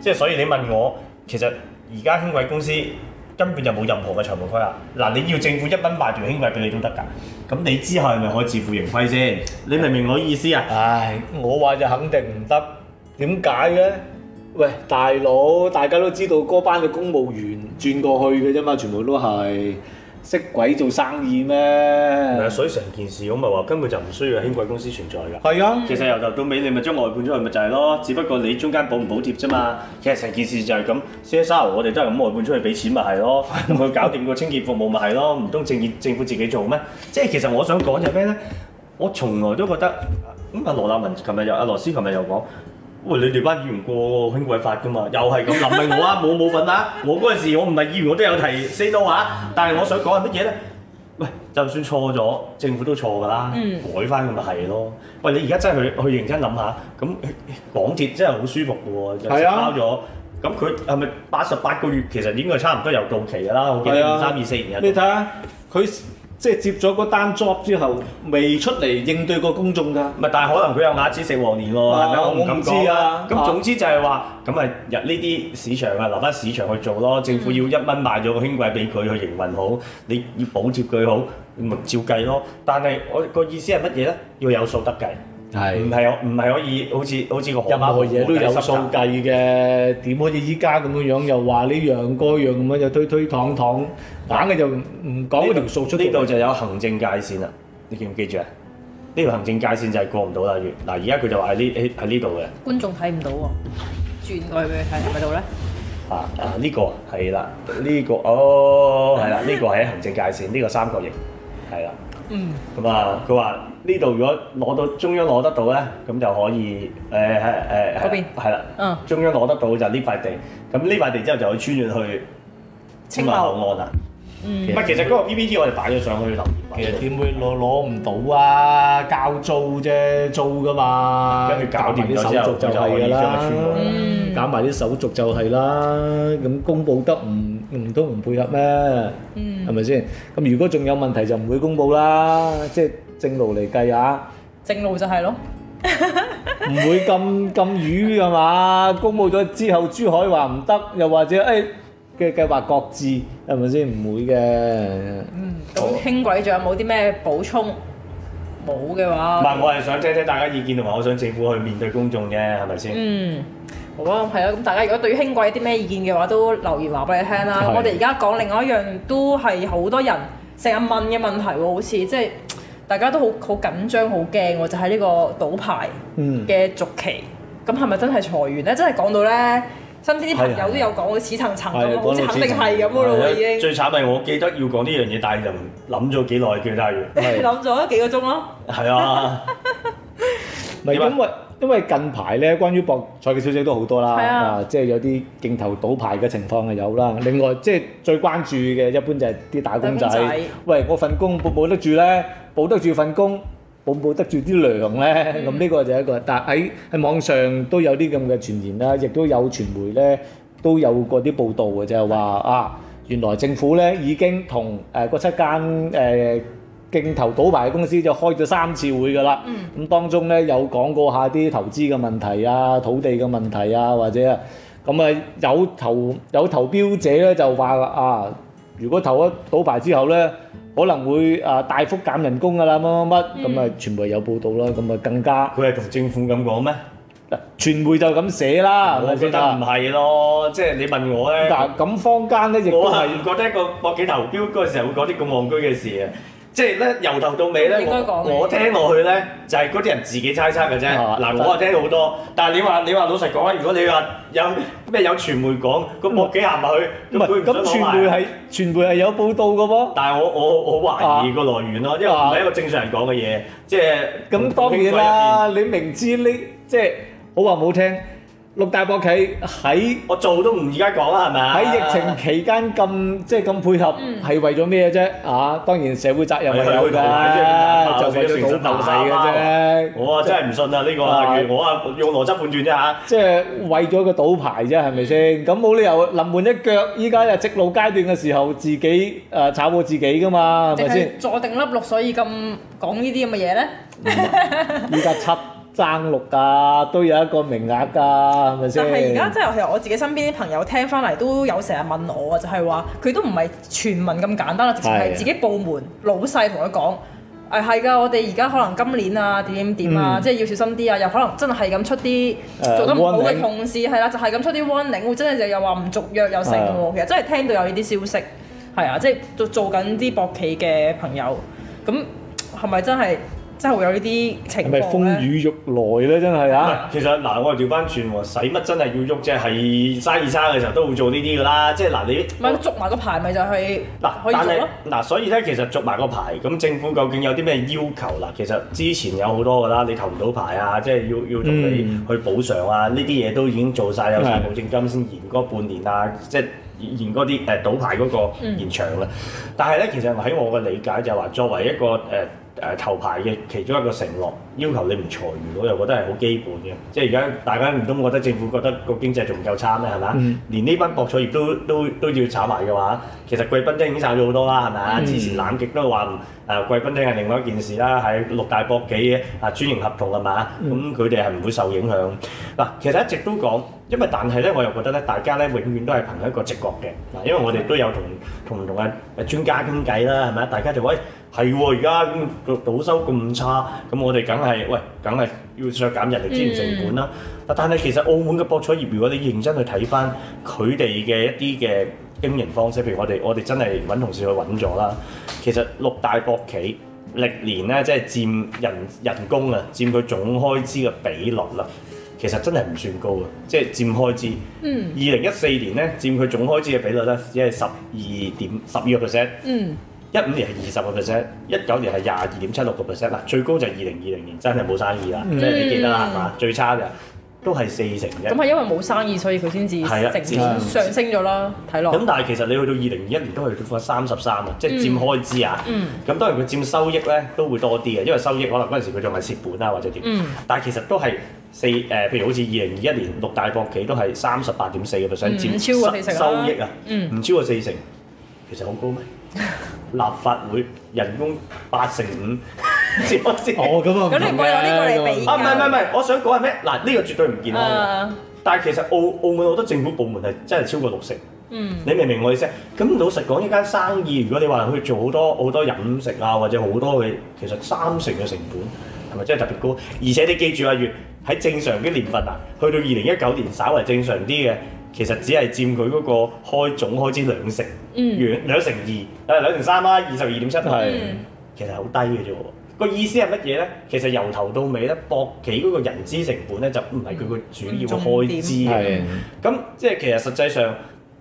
即係、嗯、所以你問我，其實而家輕軌公司。根本就冇任何嘅財務規劃，嗱，你要政府一蚊買條輕軌俾你都得㗎，咁你之後係咪可以自負盈虧先？你明唔明我意思啊？唉，我話就肯定唔得，點解呢？喂，大佬，大家都知道嗰班嘅公務員轉過去嘅啫嘛，全部都係。識鬼做生意咩？所以成件事咁咪話根本就唔需要輕軌公司存在㗎。係啊，其實由頭到尾你咪將外判出去咪就係咯，只不過你中間補唔補貼啫嘛。其實成件事就係咁，CSR 我哋都係咁外判出去俾錢咪係咯，去 搞掂個清潔服務咪係咯，唔通政政府自己做咩？即係其實我想講就係咩咧？我從來都覺得咁，阿羅立文琴日又，阿羅斯琴日又講。喂，你哋班議員過《輕軌法》噶嘛？又係咁，唔係 我啊，冇冇份啊！ 我嗰陣時我唔係議員，我都有提 say 到話， 但係我想講係乜嘢咧？喂，就算錯咗，政府都錯噶啦，嗯、改翻咁咪係咯？喂，你而家真係去去認真諗下，咁港鐵真係好舒服噶喎，就承包咗。咁佢係咪八十八個月？其實應該差唔多又到期噶啦，我記得二三二四年啊。你睇下佢。即係接咗嗰單 job 之後，未出嚟應對過公眾㗎。唔係，但係可能佢有啞子食黃連喎，啊、係咪我唔知啊。咁、啊、總之就係話，咁咪入呢啲市場啊，留翻市場去做咯。政府要一蚊賣咗個輕軌畀佢去營運好，你要補貼佢好，咪照計咯。但係我個意思係乜嘢咧？要有數得計。係，唔係唔係可以好似好似個任何嘢都有數計嘅，點好似依家咁嘅樣又話呢樣嗰樣咁樣又推推搪搪，硬嘅就唔講嗰條數出。呢度就有行政界線啦，你記唔記住啊？呢條 行政界線就係過唔到啦，嗱而家佢就話喺呢喺呢度嘅。呢個、觀眾睇唔到喎，轉過去睇喺度咧。啊啊呢、 呢個係啦，呢個哦係啦，呢個係行政界線，呢個三角形係啦。嗯，嗯。咁啊，佢 話樂。呢度如果攞到中央攞得到咧，咁就可以誒誒誒，係啦，中央攞得到就呢塊地，咁呢塊地之後就去穿越去青茂口岸，唔係其實嗰個 PPT 我哋擺咗上去，留言，其實點會攞攞唔到啊？交租啫，租噶嘛，跟住搞掂咗之後就，搞埋啲手續就係㗎啦，搞埋啲手續就係啦，咁公佈得唔唔通唔配合咩？係咪先？咁如果仲有問題就唔會公佈啦，即係。正路嚟計啊！正路就係咯，唔會咁咁瘀㗎嘛！公佈咗之後，珠海話唔得，又或者誒嘅計劃擱置，係咪先？唔會嘅。嗯，咁輕軌仲有冇啲咩補充？冇嘅話，唔係我係想聽聽大家意見同埋，我想政府去面對公眾嘅，係咪先？嗯，好啊，係啊，咁大家如果對於輕軌有啲咩意見嘅話，都留言話俾你聽啦。我哋而家講另外一樣，都係好多人成日問嘅問題喎，好似即係。大家都好好緊張、好驚喎，就喺、是、呢個賭牌嘅續期，咁係咪真係裁員咧？真係講到咧，身邊啲朋友都有講，似層層咁，肯定係咁噶咯，已經。最慘係我記得要講呢樣嘢，但係就諗咗幾耐，記得唔。諗咗 幾個鐘咯。係啊。咪咁會？ 因為近排咧，關於博彩嘅消息都好多啦，啊，啊，即係有啲鏡頭倒牌嘅情況係有啦。另外，即係最關注嘅一般就係啲打工仔。工仔喂，我份工保唔保得住咧？保得住份工，保唔保得住啲糧咧？咁呢、嗯、個就係一個。但喺喺網上都有啲咁嘅傳言啦，亦都有傳媒咧都有過啲報導嘅，就係、是、話的啊，原來政府咧已經同誒、呃、嗰七間誒。呃競投賭牌公司就開咗三次會㗎啦，咁、嗯、當中咧有講過下啲投資嘅問題啊、土地嘅問題啊，或者啊，咁啊有投有投標者咧就話啊，如果投咗賭牌之後咧，可能會啊大幅減人工㗎啦乜乜乜，咁啊全部有報道啦，咁啊更加佢係同政府咁講咩？嗱，傳媒就咁寫啦，哦、我覺得唔係咯，即係你問我咧，嗱咁坊間咧亦都係唔覺得一個博企投標嗰陣時會講啲咁戇居嘅事啊。即係咧，由頭到尾咧，我我聽落去咧就係嗰啲人自己猜測嘅啫。嗱、啊，啊我啊聽好多，但係你話你話老實講啊，如果你話有咩有傳媒講，咁幾廿萬佢都唔想咁，傳媒係傳媒係有報道嘅喎。但係我我我懷疑個來源咯，因為唔係一個正常人講嘅嘢，即係。咁當然啦，你明知呢，即係好話唔好聽。六大博企喺我做都唔而家講啦，係咪？喺疫情期間咁即係咁配合，係、嗯、為咗咩啫？啊，當然社會責任係有嚟㗎，就、啊、為咗賭牌嘅啫。我啊真係唔信啊呢、這個，啊我啊用邏輯判斷啫嚇。即係、就是、為咗個賭牌啫，係咪先？咁冇、嗯、理由臨門一腳，依家又直路階段嘅時候自己誒、呃、炒過自己㗎嘛，係咪先？坐定粒六，所以咁講呢啲咁嘅嘢咧。依家七。 生六㗎、啊，都有一個名額㗎、啊，係咪先？但係而家即係我自己身邊啲朋友聽翻嚟，都有成日問我啊，就係話佢都唔係全民咁簡單啦，直情係自己部門老細同佢講，誒係㗎，我哋而家可能今年啊點點點啊，嗯、即係要小心啲啊，又可能真係咁出啲做得唔好嘅同事係啦，就係咁出啲 warning，會真係又話唔續約又成喎。的其實真係聽到有呢啲消息，係啊，即係做做緊啲博企嘅朋友，咁係咪真係？即係會有呢啲情況咧，係唔係風雨欲來咧，真係啊！ 其實嗱，我調翻轉喎，使乜真係要喐啫？係生意差嘅時候都會做呢啲㗎啦。即係嗱，你唔係續埋個牌，咪就係嗱可以續。嗱，所以咧，其實續埋個牌，咁政府究竟有啲咩要求啦？其實之前有好多㗎啦，你投唔到牌啊，即係要要同你去補償啊，呢啲嘢都已經做晒，有財、嗯、保證金先延嗰半年啊，嗯、即係延嗰啲誒賭牌嗰個延長啦。但係咧，其實喺我嘅理解就係話，作為一個誒。呃呃呃誒頭、啊、牌嘅其中一個承諾，要求你唔裁員，我又覺得係好基本嘅。即係而家大家唔通覺得政府覺得個經濟仲唔夠差咩？係咪啊？嗯、連呢班博彩業都都都要炒埋嘅話，其實貴賓廳已經炒咗好多啦，係咪啊？之前、嗯、冷極都話誒、啊、貴賓廳係另外一件事啦，喺六大博企啊專營合同係嘛？啊？咁佢哋係唔會受影響嗱、啊。其實一直都講。因為但係咧，我又覺得咧，大家咧永遠都係憑一個直覺嘅。嗱，因為我哋都有同同唔同嘅專家傾偈啦，係咪啊？大家就話，係、哎、喎，而家賭賭收咁差，咁我哋梗係喂，梗係要削減人力資源成本啦、啊。嗯、但係其實澳門嘅博彩業，如果你認真去睇翻佢哋嘅一啲嘅經營方式，譬如我哋我哋真係揾同事去揾咗啦，其實六大博企歷年咧，即係佔人人工啊，佔佢總開支嘅比率啦。其實真係唔算高啊，即係佔開支。嗯。二零一四年咧，佔佢總開支嘅比率咧，只係十二點十二個 percent。嗯。一五年係二十個 percent，一九年係廿二點七六個 percent。嗱，最高就係二零二零年，真係冇生意啦。即係嗯你記得啦，係嘛？最差嘅都係四成嘅。咁係、嗯、因為冇生意，所以佢先至係啊，直線上升咗啦。睇落、嗯。咁、嗯、但係其實你去到二零二一年都係跌翻三十三啊，嗯、即係佔開支啊。嗯。咁、嗯、當然佢佔收益咧都會多啲嘅，因為收益可能嗰陣時佢仲係蝕本啊或者點。但係其實都係。四誒，譬、呃、如好似二零二一年六大博企都係三十八點四，咪想佔收、啊、收益啊？唔、嗯、超過四成，其實好高咩？ 立法會人工八成五，接唔接？哦，咁啊咁你唔好攞呢個你評啊！唔係唔係唔係，我想講係咩？嗱、啊，呢、呢個絕對唔健康、啊、但係其實澳澳門好多政府部門係真係超過六成。嗯，你明唔明我意思？咁老實講，依間生意如果你話去做好多好多飲食啊，或者好多嘅，其實三成嘅成本係咪真係特別高？而且你記住啊，月喺正常嘅年份啊，去到二零一九年稍為正常啲嘅，其實只係佔佢嗰個開總開支兩成，兩、嗯、兩成二，誒兩成三啦、啊，二十二點七，其實好低嘅啫。個意思係乜嘢咧？其實由頭到尾咧，博企嗰個人資成本咧就唔係佢個主要開支嘅。咁、嗯、即係其實實際上，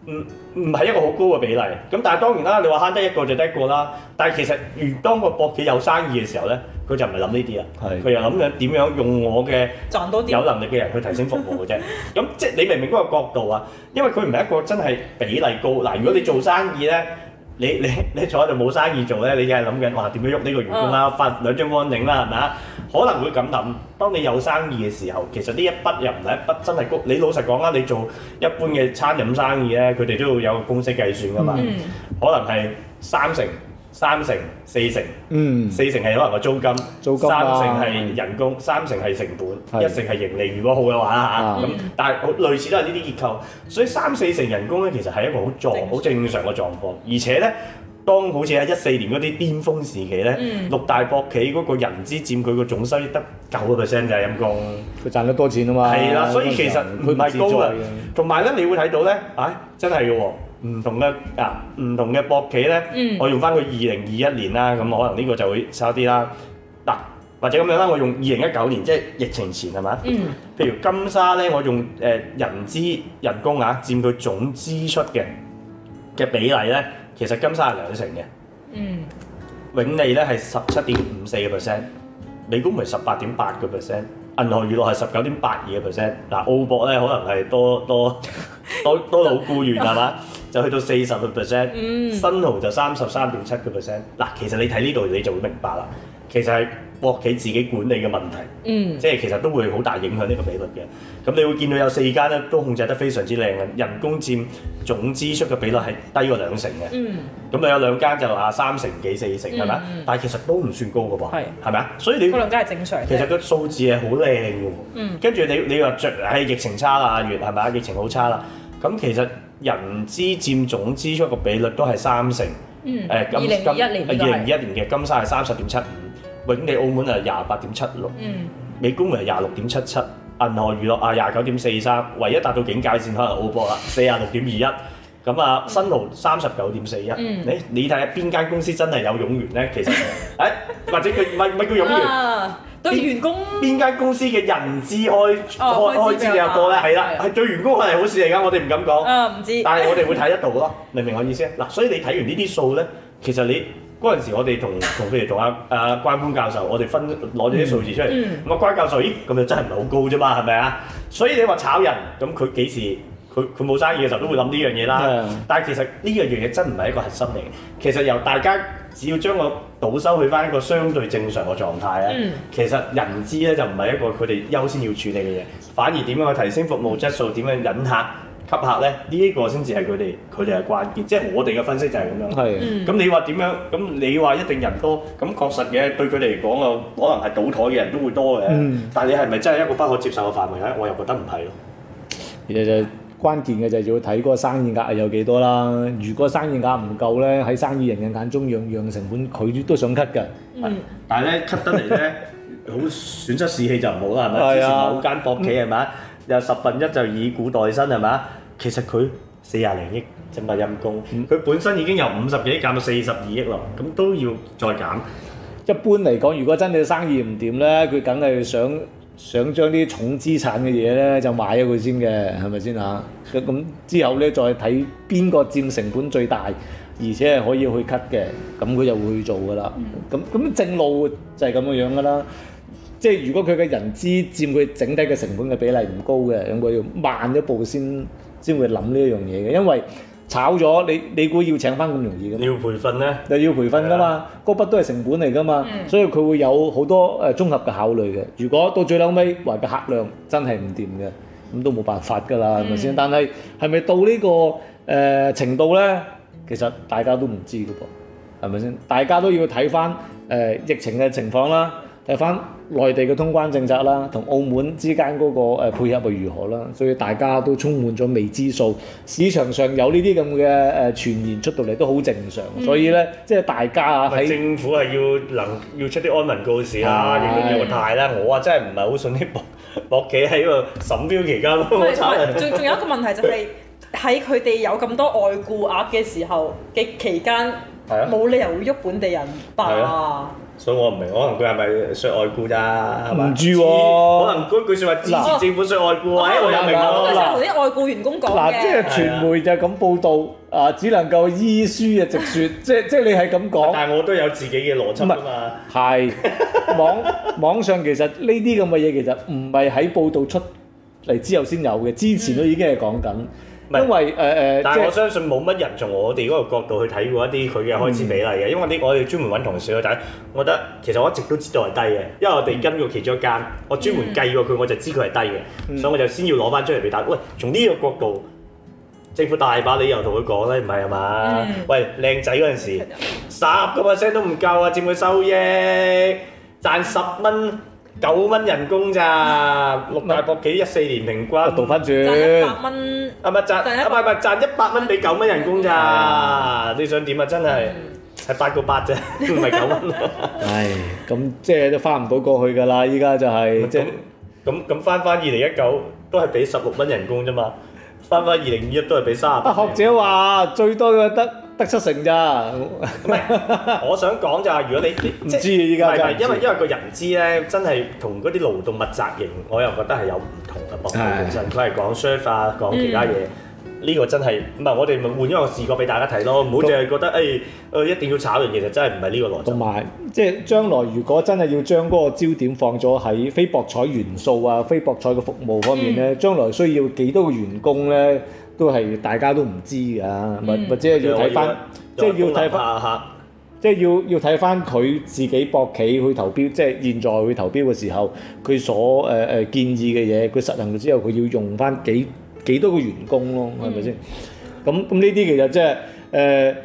唔唔係一個好高嘅比例，咁但係當然啦，你話慳得一個就得一個啦。但係其實，如當個博企有生意嘅時候咧，佢就唔係諗呢啲啦，係，佢又諗緊點樣用我嘅有能力嘅人去提升服務嘅啫。咁 即係你明唔明嗰個角度啊，因為佢唔係一個真係比例高嗱。如果你做生意咧，你你你，你坐喺度冇生意做咧，你梗係諗緊話點樣喐呢個員工啦，發兩張安影啦係咪啊？可能會咁諗，當你有生意嘅時候，其實呢一筆又唔係一筆真係高。你老實講啦，你做一般嘅餐飲生意咧，佢哋都要有個公式計算㗎嘛。嗯、可能係三成、三成、四成，嗯，四成係可能個租金，租金、啊、三成係人工，三成係成本，是一成係盈利。如果好嘅話吓，咁、啊嗯、但係類似都係呢啲結構，所以三四成人工咧，其實係一個好狀好正常嘅狀況，而且咧。當好似喺一四年嗰啲巔峰時期咧，嗯、六大博企嗰個人資佔佢個總收益得九個 percent 就係陰公。佢賺得多錢啊嘛。係啦，所以其實唔係高嘅。同埋咧，你會睇到咧，啊，真係嘅喎，唔同嘅啊，唔同嘅博企咧，嗯、我用翻佢二零二一年啦，咁可能呢個就會差啲啦。嗱、啊，或者咁樣啦，我用二零一九年即係、就是、疫情前係嘛？嗯。譬如金沙咧，我用誒人資人工啊，佔佢總支出嘅嘅比例咧。其實金沙係兩成嘅，嗯、永利咧係十七點五四個 percent，美高梅十八點八個 percent，銀河娛樂係十九點八二個 percent，嗱澳博咧可能係多多多多老僱員係嘛，就去到四十個 percent，新濠就三十三點七個 percent，嗱其實你睇呢度你就會明白啦，其實係。博企自己管理嘅問題，嗯，即係其實都會好大影響呢個比率嘅。咁你會見到有四間咧都控制得非常之靚嘅，人工佔總支出嘅比率係低過兩成嘅。嗯，咁啊有兩間就啊三成幾四成係咪啊？但係其實都唔算高嘅噃，係係咪啊？所以你嗰兩間係正常。其實個數字係好靚嘅喎。嗯。跟住你你話著係疫情差啦，阿月係咪啊？疫情好差啦。咁其實人資佔總支出嘅比率都係三成。嗯。誒、欸，二零二一年二零二一年嘅金沙係三十點七永利澳門啊、嗯，廿八點七六；美高梅廿六點七七；銀河娛樂啊，廿九點四三。唯一達到警戒線可能澳博啦，四十六點二一。咁啊，新濠三十九點四一。誒、欸，你睇下邊間公司真係有冗員咧？其實誒、 欸，或者佢唔係唔係叫冗員，對員工邊間公司嘅人資開開開支比較多咧？係啦，係對員工係好事嚟噶，我哋唔敢講。啊，唔知。但係我哋會睇得到咯，唉明唔明我意思嗱，所以你睇完呢啲數咧，其實你。嗰陣時我哋同同譬如同阿誒關峰教授，我哋分攞咗啲數字出嚟，咁啊、嗯嗯、關教授，咦咁就真係唔係好高啫嘛，係咪啊？所以你話炒人，咁佢幾時佢佢冇生意嘅時候都會諗呢樣嘢啦，嗯、但係其實呢一樣嘢真唔係一個核心嚟嘅。其實由大家只要將個賭收去翻一個相對正常嘅狀態咧，嗯、其實人資咧就唔係一個佢哋優先要處理嘅嘢，反而點樣去提升服務質素，點樣引客，吸客咧，呢、這、一個先至係佢哋佢哋嘅關鍵，即、就、係、是、我哋嘅分析就係咁樣。咁的、嗯、你話點樣？咁你話一定人多，咁確實嘅對佢哋嚟講啊，可能係賭台嘅人都會多嘅。嗯、但係你係咪真係一個不可接受嘅範圍咧？我又覺得唔係咯。其實就關鍵嘅就係要睇嗰個生意額有幾多啦。如果生意額唔夠咧，喺生意人嘅眼中，樣樣成本佢都想 cut 嘅、嗯。但係咧 cut 得嚟咧，好 損失士氣就唔好啦，係咪？之前話好間博企係嘛，又十分一就以股代薪係嘛。其實佢四廿零億，真係陰功。佢、嗯、本身已經由五十幾億減到四十二億啦，咁都要再減。一般嚟講，如果真係生意唔掂呢，佢梗係想想將啲重資產嘅嘢呢就賣咗佢先嘅，係咪先吓，咁之 後呢，再睇邊個佔成本最大，而且係可以去 cut 嘅，咁佢就會去做噶啦。咁咁、嗯、正路就係咁樣樣噶啦。即係如果佢嘅人資佔佢整體嘅成本嘅比例唔高嘅，咁佢要慢一步先。先會諗呢一樣嘢嘅，因為炒咗你，你估要請翻咁容易嘅？你要培訓咧，又要培訓㗎嘛，嗰筆都係成本嚟㗎嘛，嗯、所以佢會有好多誒綜合嘅考慮嘅。如果到最後尾話嘅客量真係唔掂嘅，咁都冇辦法㗎啦，係咪先？但係係咪到呢、這個誒、呃、程度咧？其實大家都唔知㗎噃，係咪先？大家都要睇翻誒疫情嘅情況啦。誒翻內地嘅通關政策啦，同澳門之間嗰個配合會如何啦，所以大家都充滿咗未知數。市場上有呢啲咁嘅誒傳言出到嚟都好正常，嗯、所以咧即係大家啊政府係要能要出啲安民告示嚇，的要有個態啦。我啊真係唔係好信啲博博企喺呢個審標期間都唔會炒。冇錯，仲仲有一個問題就係喺佢哋有咁多外僱額嘅時候嘅期間，冇的理由會喐本地人吧？所以我唔明，可能佢係咪衰外顧咋？係咪？唔知喎，可能佢佢説話支持政府衰外顧、啊欸、我又明同啲、啊啊、外顧員工講嗱、啊，即係傳媒就咁報道，啊，只能夠依書嘅直説， 即即係你係咁講。但係我都有自己嘅邏輯㗎嘛。係網網上其實呢啲咁嘅嘢其實唔係喺報道出嚟之後先有嘅，之前都已經係講緊。嗯唔係因為誒誒，但係我相信冇乜人從我哋嗰個角度去睇過一啲佢嘅開支比例嘅，因為呢我哋專門揾同事去睇，我覺得其實我一直都知道係低嘅，因為我哋跟過其中一間，我專門計過佢，我就知佢係低嘅，嗯、所以我就先要攞翻出嚟俾大家。喂，從呢個角度，政府大把理由同佢講咧，唔係係嘛？ 喂，靚仔嗰陣時，十個 percent 都唔夠啊，佔佢收益賺十蚊。九蚊人工咋？六大博企一四年平均？唔係倒翻轉，賺一百蚊。啊咪係賺，啊唔係唔係賺一百蚊俾九蚊人工咋？嗯、你想點啊？真係係八個八咋，唔係九蚊。係，咁即係都翻唔到過去噶啦。依家就係即係咁咁翻翻二零一九都係俾十六蚊人工啫嘛。翻翻二零二一都係俾三十。學者話最多嘅得。得七成咋？我想講就係如果你唔知啊，而家因為因為個人資咧，真係同嗰啲勞動密集型，我又覺得係有唔同嘅博彩本身，佢係、哎嗯、講 share 啊，講其他嘢，呢、嗯、個真係唔係我哋咪換，一個視角俾大家睇咯，唔好淨係覺得誒誒、哎呃、一定要炒，其實真係唔係呢個邏輯。同埋即係將來如果真係要將嗰個焦點放咗喺非博彩元素啊、非博彩嘅服務方面咧，嗯、將來需要幾多個員工咧？都係大家都唔知噶，或、嗯、或者要睇翻，要即係要睇翻，即係要要睇翻佢自己博企去投標，即係現在去投標嘅時候，佢所誒誒、呃呃、建議嘅嘢，佢實行咗之後，佢要用翻幾幾多個員工咯，係咪先？咁咁呢啲其實即係誒，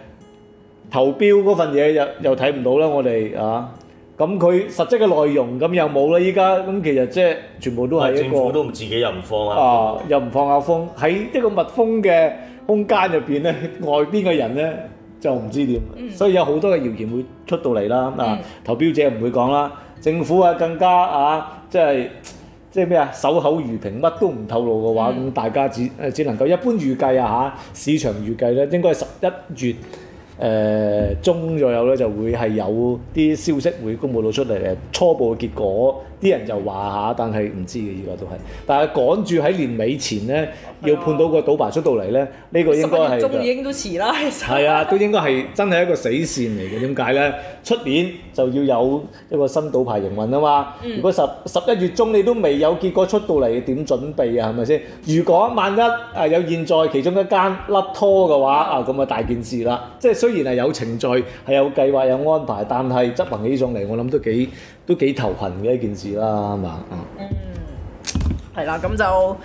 投標嗰份嘢又又睇唔到啦，我哋啊。咁佢實際嘅內容咁又冇啦，依家咁其實即係全部都係一個政府都唔自己又唔放下啊，又唔放下風喺一個密封嘅空間入邊咧，外邊嘅人咧就唔知點，嗯、所以有好多嘅謠言會出到嚟啦。啊，嗯、投標者唔會講啦，政府啊更加啊即係即係咩啊守口如瓶，乜都唔透露嘅話，咁、嗯、大家只只能夠一般預計啊嚇市場預計咧應該係十一月。誒、呃、中咗右咧，就會係有啲消息會公佈到出嚟誒，初步嘅結果，啲人就話下，但係唔知嘅依個都係。但係趕住喺年尾前咧，要判到個賭牌出到嚟咧，呢、啊、個應該係十一月中已經都遲啦。係啊，都應該係真係一個死線嚟嘅。點解咧？出年就要有一個新賭牌營運啊嘛。嗯、如果十十一月中你都未有結果出到嚟，點準備啊？係咪先？如果萬一誒有現在其中一間甩拖嘅話啊，咁啊大件事啦，即係。即雖然係有程序係有計劃有安排，但係執行起上嚟，我諗都幾都幾頭痕嘅一件事啦，係嘛？嗯，係啦，咁就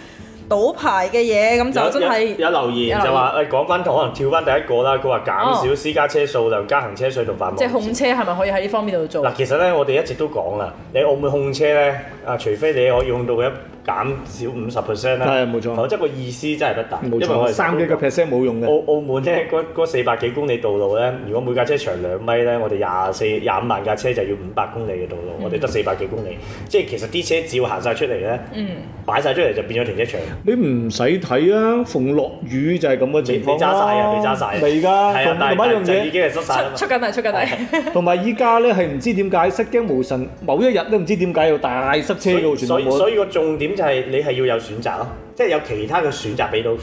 賭牌嘅嘢，咁就真係有留言就話，誒講翻同可能跳翻第一個啦。佢話減少私家車數量，加行車稅同反饋。即係控車係咪可以喺呢方面度做？嗱，其實咧，我哋一直都講啦，你澳門控車咧，啊，除非你可以用到一。減少五十 percent 啦，係冇錯，否則個意思真係不大，因為我哋三幾個 percent 冇用嘅。澳澳門即係嗰嗰四百幾公里道路咧，如果每架車長兩米咧，我哋廿四廿五萬架車就要五百公里嘅道路，我哋得四百幾公里，即係其實啲車只要行晒出嚟咧，嗯，擺晒出嚟就變咗停車場。你唔使睇啊，逢落雨就係咁嘅情況啦，未揸曬，未㗎，係啊，但係就已經係塞曬出緊底，出緊底。同埋依家咧係唔知點解失驚無神，某一日都唔知點解要大塞車，所以所以個重點。咁就係你係要有選擇咯，即係有其他嘅選擇俾到佢。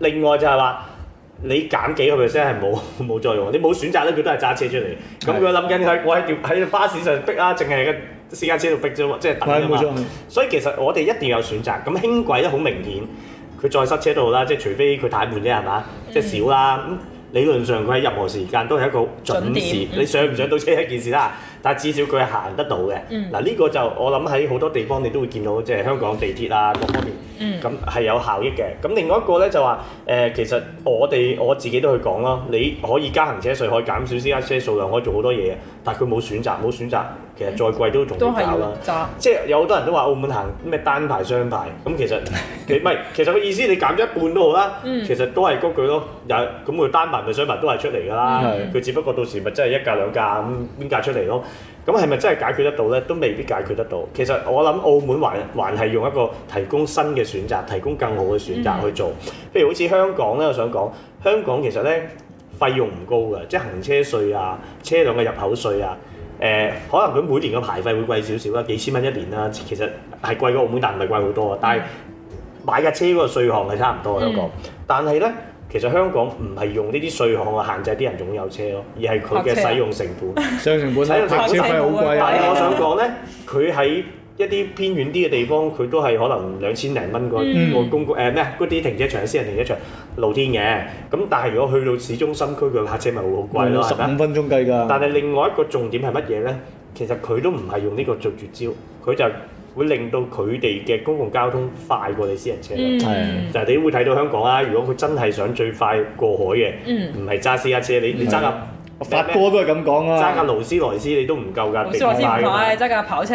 另外就係話，你減幾個 percent 係冇冇作用。你冇選擇咧，佢都係揸車出嚟。咁佢諗緊喺我喺喺巴士上逼啦，淨係個私家車度逼啫，即係等啊嘛。所以其實我哋一定要有選擇。咁輕軌都好明顯，佢再塞車都好啦，即係除非佢太滿啲係嘛，即係、嗯、少啦。咁理論上佢喺任何時間都係一個準時。準點。你上唔上到車一件事啦。但至少佢係行得到嘅，嗱呢、嗯、個就我諗喺好多地方你都會見到，即係香港地鐵啊各方面。咁係、嗯、有效益嘅。咁另外一個咧就話，誒、呃、其實我哋我自己都去講咯。你可以加行車稅，可以減少私家車數量，可以做好多嘢，但係佢冇選擇，冇選擇，其實再貴都仲、嗯、要搞啦。即係有好多人都話澳門行咩單牌雙牌？咁其實 其唔係，其實嘅意思你減咗一半都好啦，嗯、其實都係嗰句咯。又咁佢單牌咪雙牌都係出嚟㗎啦。佢、嗯、只不過到時咪真係一架兩架咁，邊架出嚟咯？咁係咪真係解決得到呢？都未必解決得到。其實我諗澳門還還係用一個提供新嘅選擇，提供更好嘅選擇去做。嗯、譬如好似香港呢，我想講香港其實呢費用唔高嘅，即係行車稅啊、車輛嘅入口稅啊。誒、呃，可能佢每年嘅牌費會貴少少啦，幾千蚊一年啦、啊。其實係貴過澳門，但唔係貴好多啊。但係買架車嗰個稅項係差唔多，香港。嗯、但係呢。其實香港唔係用呢啲稅項啊，限制啲人擁有車咯，而係佢嘅使用成本。車使用成本啊，使用成本好貴對但係我想講咧，佢喺 一啲偏遠啲嘅地方，佢都係可能兩千零蚊個公共誒咩嗰啲停車場、私人停車場、露天嘅。咁但係如果去到市中心區，佢泊車咪會好貴咯。十五分鐘計㗎。但係另外一個重點係乜嘢咧？其實佢都唔係用呢個做絕招，佢就。會令到佢哋嘅公共交通快過你私人車，係，但係你會睇到香港啦，如果佢真係想最快過海嘅，唔係揸私家車，你你揸架發哥都係咁講啊，揸架勞斯萊斯你都唔夠㗎，唔快，揸架、啊、跑車，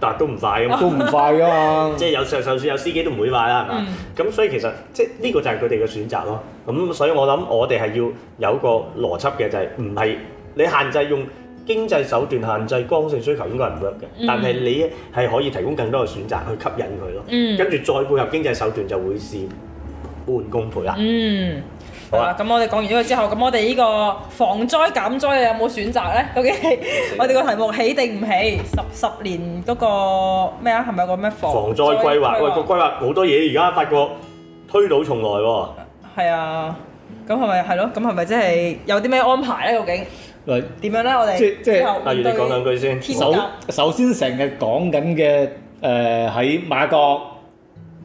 但係都唔快，都唔快㗎嘛， 即係有就就算有司機都唔會快啦，係嘛、mm. 嗯。咁所以其實即係呢個就係佢哋嘅選擇咯。咁所以我諗我哋係要有一個邏輯嘅，就係唔係你限制用。經濟手段限制剛性需求應該係唔 work 嘅，嗯、但係你係可以提供更多嘅選擇去吸引佢咯。跟住、嗯、再配合經濟手段就會事半功倍啦。嗯，好啦了，咁、啊、我哋講完咗佢之後，咁我哋呢個防災減災有冇選擇咧？究 竟我哋個題目起定唔起十十年嗰個咩啊？係咪有個咩防災防災規劃？喂，個規劃好多嘢，而家發覺推倒重來喎。係啊，咁係咪係咯？咁係咪即係有啲咩安排咧？究竟？喂，點樣咧？我哋即即係阿月，你講兩句先。首首先，成日講緊嘅誒，喺馬角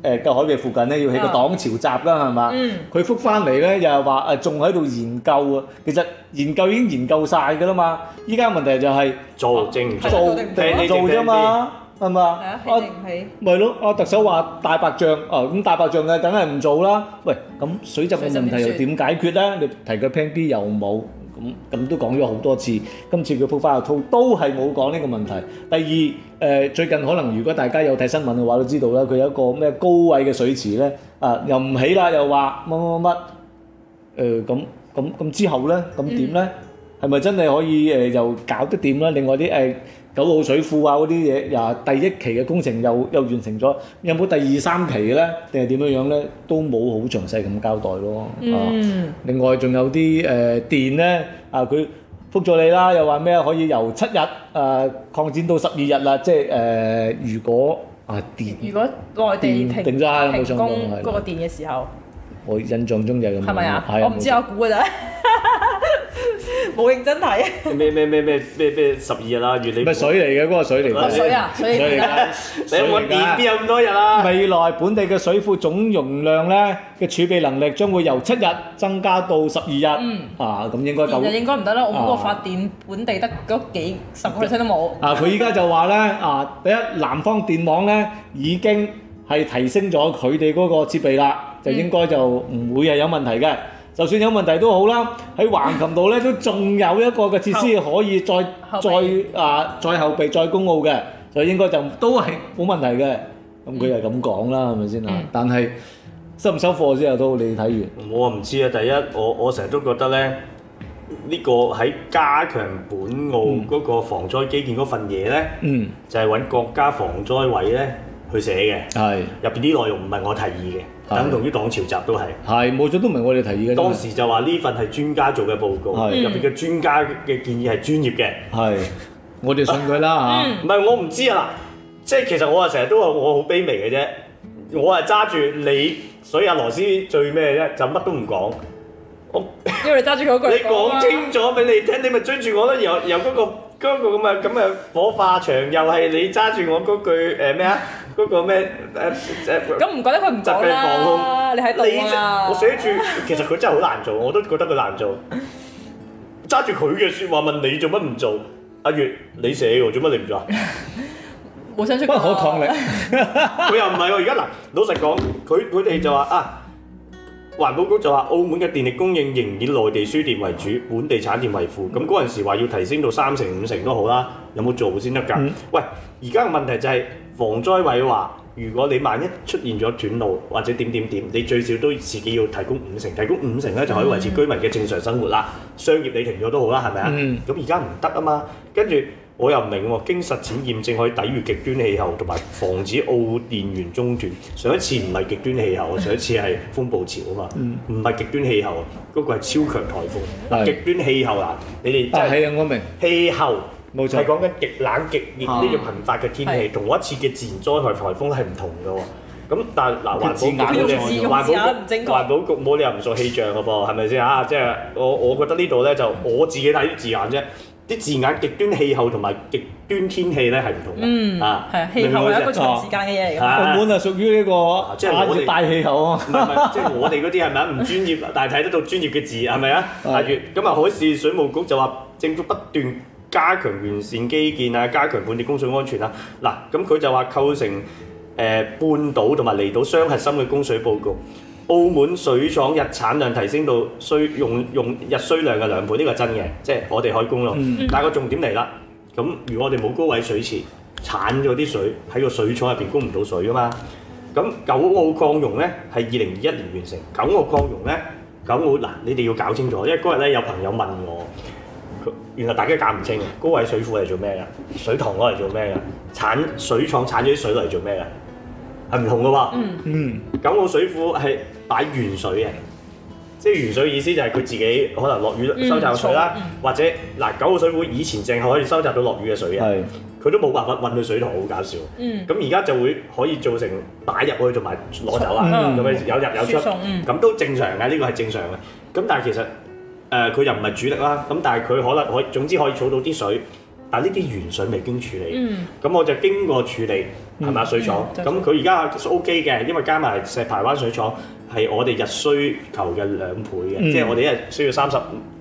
誒舊海嘅附近咧，要起個擋潮閘啦，係嘛？嗯。佢覆返嚟咧，又係話誒，仲喺度研究啊。其實研究已經研究曬㗎啦嘛。依家問題就係做正唔做定唔做啫嘛，係嘛？係啊，起唔起？咪咯，阿特首話大白象啊，咁大白象嘅梗係唔做啦。喂，咁水浸嘅問題又點解決咧？你提個 plan B 又冇。咁咁、嗯、都講咗好多次，今次佢幅花又套都係冇講呢個問題。第二，誒、呃、最近可能如果大家有睇新聞嘅話，都知道啦，佢有一個咩高位嘅水池咧，啊又唔起啦，又話乜乜乜乜，誒咁咁咁之後咧，咁點咧？係咪、嗯、真係可以誒又、呃、搞得掂咧？另外啲誒。呃九號水庫啊，嗰啲嘢又第一期嘅工程又又完成咗，有冇第二三期咧？定係點樣樣咧？都冇好詳細咁交代咯。嗯。另外仲有啲誒電咧啊，佢覆咗你啦，又話咩可以由七日誒擴展到十二日啦，即係誒如果啊電如果內地停停工嗰個電嘅時候，我印象中就係咁，係咪啊，我唔知啊，估㗎咋。冇認真睇咩咩咩咩咩咩十二日啊，原來唔係水嚟嘅嗰個水嚟嘅。 水啊？水嚟嘅。你冇電邊有咁多日啊？未來本地嘅水庫總容量咧嘅儲備能力將會由七日增加到十二日。嗯。啊，咁應該夠。其實應該唔得啦，啊、我嗰個發電本地得嗰幾十個 percent 都冇。啊，佢依家就話咧啊，第一南方電網咧已經係提升咗佢哋嗰個設備啦，就應該就唔會係有問題嘅。嗯。就算有問題都好啦，喺橫琴度咧都仲有一個嘅設施可以再理再啊再後備再公澳嘅，就應該就都係冇問題嘅。咁佢係咁講啦，係咪先啊？是是嗯、但係收唔收貨之後？都你睇完。我唔知啊，第一我我成日都覺得咧，呢、呢個喺加強本澳嗰個防災基建嗰份嘢咧，嗯、就係揾國家防災委咧去寫嘅，入邊啲內容唔係我提議嘅。等同於港潮集都係，係冇咗都唔係我哋提議嘅。當時就話呢份係專家做嘅報告，入邊嘅專家嘅建議係專業嘅。係，我哋信佢啦嚇。唔係，我唔知啊，即係其實我啊成日都話我好卑微嘅啫，我係揸住你，所以阿羅斯最咩啫？就乜都唔講。我因為揸住嗰句， 你講清楚俾你聽，你咪追住我咯。由又嗰個嗰、嗰個咁嘅咁嘅火化場，又係你揸住我嗰句誒咩啊？呃嗰個咩誒咁唔覺得佢唔做啦？呃呃、你係、啊、你我寫住，其實佢真係好難做，我都覺得佢難做。揸住佢嘅説話問你做乜唔做？阿月，你寫喎，做乜你唔做啊？冇 想出，不可喂抗力。佢 又唔係喎，而家嗱，老實講，佢佢哋就話啊，環保局就話，澳門嘅電力供應仍然以內地輸電為主，本地產電為輔。咁嗰陣時話要提升到三成五成都好啦，有冇做先得㗎？嗯、喂，而家嘅問題就係、是。防災位話：如果你萬一出現咗短路或者點點點，你最少都自己要提供五成，提供五成咧就可以維持居民嘅正常生活啦。商業你停咗都好啦，係咪啊？咁而家唔得啊嘛。跟住我又唔明喎，經實踐驗證可以抵禦極端氣候同埋防止澳電源中斷。上一次唔係極端氣候，上一次係風暴潮啊嘛，唔係極端氣候，嗰個係超強颱風。極端氣候啊，你哋係啊，我明氣候。冇錯，係講緊極冷極熱呢種頻發嘅天氣，同一次嘅自然災害颱風係唔同嘅喎。咁但係嗱，環保局環保局冇理由唔熟氣象嘅噃，係咪先啊？即係我我覺得呢度咧就我自己睇啲字眼啫，啲字眼極端氣候同埋極端天氣咧係唔同嘅。嗯，係氣候係一個長時間嘅嘢嚟，香港係屬於呢個即係大氣候。唔係唔係，即係我哋嗰啲係咪唔專業，但係睇得到專業嘅字，係咪啊？月，今日海事水務局就話政府不斷。加強完善基建啊，加強半島供水安全啊。嗱，咁佢就話構成誒、呃、半島同埋離島雙核心嘅供水佈局。澳門水廠日產量提升到需用用日需量嘅兩倍，呢個真嘅，即係我哋開工咯。但係個重點嚟啦，咁如果我哋冇高位水池，產咗啲水喺個水廠入邊供唔到水啊嘛。咁九澳擴容咧係二零二一年完成，九澳擴容咧，九澳，嗱你哋要搞清楚，因為嗰日咧有朋友問我。原來大家搞唔清嘅，高位水庫係做咩嘅？水塘嗰係做咩嘅？產水廠產咗啲水嚟做咩嘅？係唔同嘅喎。嗯嗯，九澳水庫係擺原水嘅，即係原水意思就係佢自己可能落雨收集水啦，嗯嗯、或者嗱九澳水庫以前淨係可以收集到落雨嘅水嘅，佢是都冇辦法運到水塘，好搞笑。嗯。咁而家就會可以造成擺入去，同埋攞走啦。咁、嗯、有入有出。嗯。咁都正常嘅，呢、呢個係正常嘅。咁但係其實。誒佢、呃、又唔係主力啦，咁但係佢可能可以總之可以儲到啲水，但係呢啲原水未經處理，咁、嗯、我就經過處理係咪水廠，咁佢而家 OK 嘅，因為加埋石排灣水廠係我哋日需求嘅兩倍嘅，嗯、即係我哋一日需要三十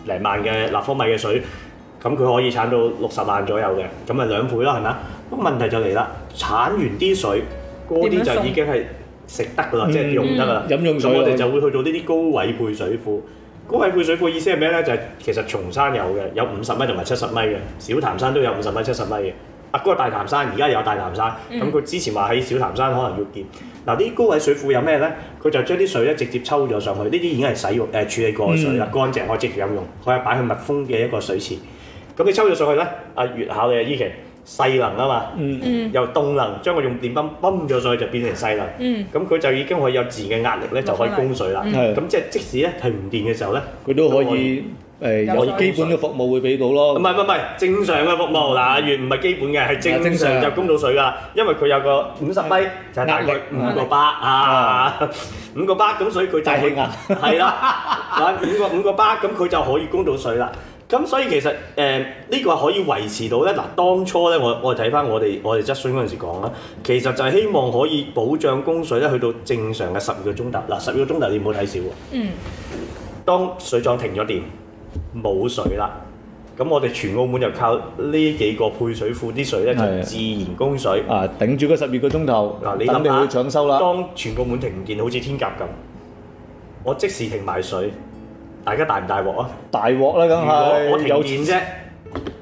零萬嘅立方米嘅水，咁佢可以產到六十萬左右嘅，咁咪兩倍啦係咪？咁問題就嚟啦，產完啲水，嗰啲就已經係食得噶啦，即係用得啦，飲用水，嗯、我哋就會去做呢啲高位配水庫。高位配水庫意思係咩咧？就係、是、其實松山有嘅，有五十米同埋七十米嘅。小潭山都有五十米、七十米嘅。啊，嗰個大潭山而家有大潭山，咁佢之前話喺小潭山可能要建。嗱、嗯，啲高位水庫有咩咧？佢就將啲水咧直接抽咗上去，呢啲已經係使用誒處理過嘅水啦，乾淨可以直接飲用，佢係擺去密封嘅一個水池。咁你抽咗上去咧，阿、啊、月考嘅依期。勢能啊嘛，由動能將佢用電泵泵咗上去就變成勢能，咁佢就已經可以有自然嘅壓力咧，就可以供水啦。咁即係即使咧停電嘅時候咧，佢都可以誒，基本嘅服務會俾到咯。唔係唔係，正常嘅服務嗱，原唔係基本嘅，係正常就供到水噶，因為佢有個五十米就係大概五個巴啊，五個巴咁所以佢就係壓，係啦，五個五個巴咁佢就可以供到水啦。咁所以其實誒呢、呃這個可以維持到咧嗱，當初咧我我睇翻我哋我哋質詢嗰陣時講啦，其實就係希望可以保障供水咧去到正常嘅十二個鐘頭嗱，十、啊、二個鐘頭你唔好睇少嗯。當水廠停咗電冇水啦，咁我哋全澳門就靠呢幾個配水庫啲水咧的就自然供水啊，頂住嗰十二個鐘頭嗱、啊，你諗下去搶修啦，當全澳門停電好似天鴿咁，我即時停埋水。大家大唔大鑊啊？大鑊啦，梗係。我有電啫。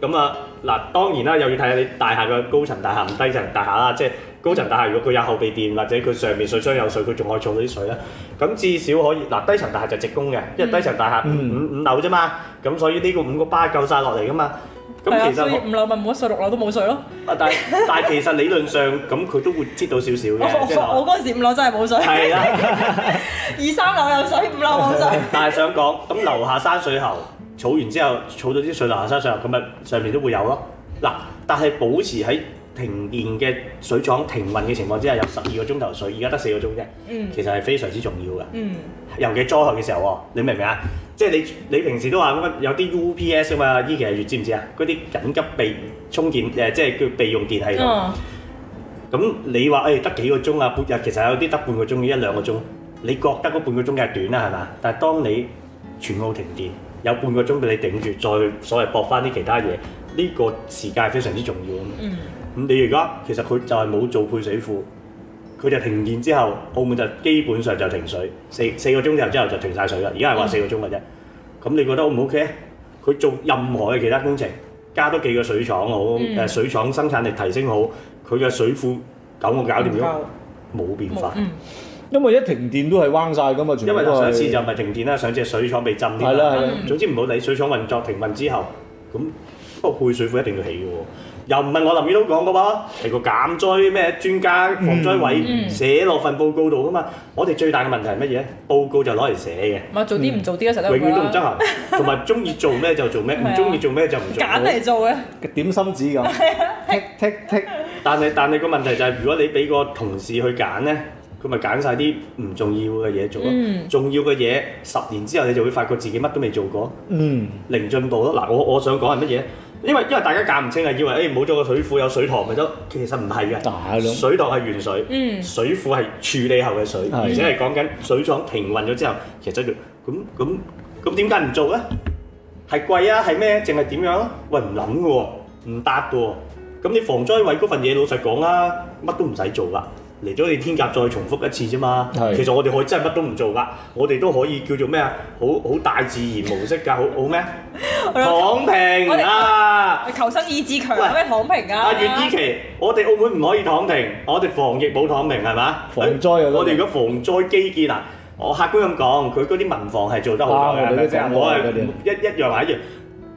咁啊，嗱，當然啦，又要睇下你大廈嘅高層大廈唔低層大廈啦。即係高層大廈，如果佢有後備電，或者佢上面水箱有水，佢仲可以儲到啲水啦。咁至少可以嗱，低層大廈就直供嘅，因為低層大廈五五五樓啫嘛。咁、嗯、所以呢個五個巴夠晒落嚟㗎嘛。咁、嗯、其實五樓咪冇水，六樓都冇水咯。啊， 但係但係其實理論上咁佢都會積到少少嘅。我、就是、我我嗰時五樓真係冇水。係啊，二三樓有水，五樓冇水。 但係想講咁，樓下山水喉儲完之後，儲到啲水樓下山水喉，咁咪上面都會有咯。嗱，但係保持喺停電嘅水廠停運嘅情況之下，有十二個鐘頭水，而家得四個鐘啫。嗯、其實係非常之重要嘅。嗯、尤其災害嘅時候喎，你明唔明啊？即係你你平時都話咁啊，有啲 UPS 啊嘛，依期你知唔知啊？嗰啲緊急備充電誒，即係叫備用電系統。咁、哦、你話誒得幾個鐘啊？半日其實有啲得半個鐘，一兩個鐘。你覺得嗰半個鐘嘅係短啦，係嘛？但係當你全澳停電，有半個鐘俾你頂住，再所謂駁翻啲其他嘢，呢個時間係非常之重要嘅。嗯。咁你而家其實佢就係冇做配水庫，佢就停電之後，澳門就基本上就停水四四個鐘頭之後就停晒水啦。而家係話四個鐘嘅啫。咁、嗯、你覺得 O 唔 O K 啊？佢做任何嘅其他工程，加多幾個水廠好，誒、嗯、水廠生產力提升好，佢嘅水庫夠唔夠搞掂咗？冇、嗯、變化、嗯，因為一停電都係彎晒噶嘛，全部因為上次就唔係停電啦，上次水廠被浸添啦。嗯、總之唔好理水廠運作停運之後，咁不過配水庫一定要起嘅喎。又唔係我林宇都講嘅喎，係個減災咩專家防災委寫落份報告度嘅嘛。我哋最大嘅問題係乜嘢？報告就攞嚟寫嘅。唔做啲唔做啲，實在永遠都唔執行。同埋中意做咩就做咩，唔中意做咩就唔做。揀嚟做嘅，點心紙咁，剔剔剔。但係但係個問題就係，如果你俾個同事去揀咧，佢咪揀曬啲唔重要嘅嘢做咯。重要嘅嘢十年之後你就會發覺自己乜都未做過。嗯，零進步咯。嗱，我我想講係乜嘢？因為因為大家搞唔清啊，以為誒冇咗個水庫有水塘咪得，其實唔係嘅。啊、水塘係原水，嗯、水庫係處理後嘅水，嗯、而且係講緊水廠停運咗之後，其實真係咁咁咁點解唔做啊？係貴啊，係咩？淨係點樣？喂，唔諗嘅喎，唔搭嘅喎。咁你防災委嗰份嘢老實講啦，乜都唔使做㗎。嚟咗你天甲再重複一次啫嘛，其實我哋可以真係乜都唔做噶，我哋都可以叫做咩啊？好好大自然模式㗎，好好咩？躺平啊！求生意志強有咩躺平啊？阿袁依期，我哋澳門唔可以躺平，我哋防疫冇躺平係嘛？防災我哋如果防災基建嗱，我客觀咁講，佢嗰啲民防係做得好嘅，我係一一樣話一樣。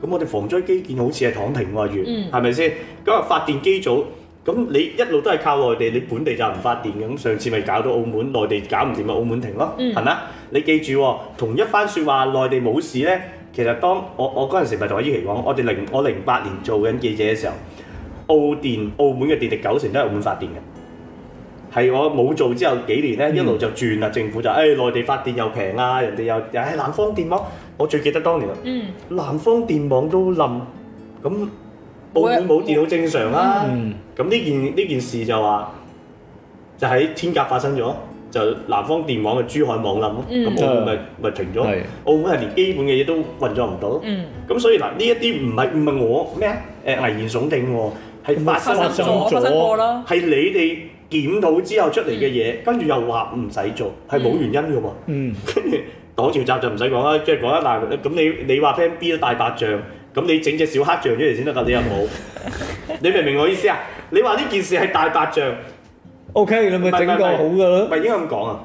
咁我哋防災基建好似係躺平喎，袁，係咪先？咁啊發電機組。咁你一路都係靠內地，你本地就唔發電嘅。咁上次咪搞到澳門內地搞唔掂，咪澳門停咯，係咪、嗯、你記住、哦，同一番説話，內地冇事呢。其實當我我嗰陣時咪同阿依琪講，我哋零我零八年做緊記者嘅時候，澳電澳門嘅電力九成都係澳門發電嘅。係我冇做之後幾年呢，一路就轉啦。嗯、政府就誒內、哎、地發電又平啊，人哋又誒、哎、南方電網。我最記得當年，嗯，南方電網都冧咁。澳門冇電好正常啊，咁呢件呢件事就話就喺天鴿發生咗，就南方電網嘅珠海網臨咯，咁澳門咪咪停咗，澳門係連基本嘅嘢都運作唔到，咁所以嗱呢一啲唔係唔係我咩啊？誒危言聳聽喎，係發生咗，係你哋檢討之後出嚟嘅嘢，跟住又話唔使做，係冇原因嘅喎，跟住擋潮閘就唔使講啦，即係講一難，咁你你話聽 B 都大白象。咁你整隻小黑象出嚟先得噶，你有冇， 你明唔明我意思啊？你話呢件事係大白象，OK，不你咪整個好噶咯。咪應該咁講啊？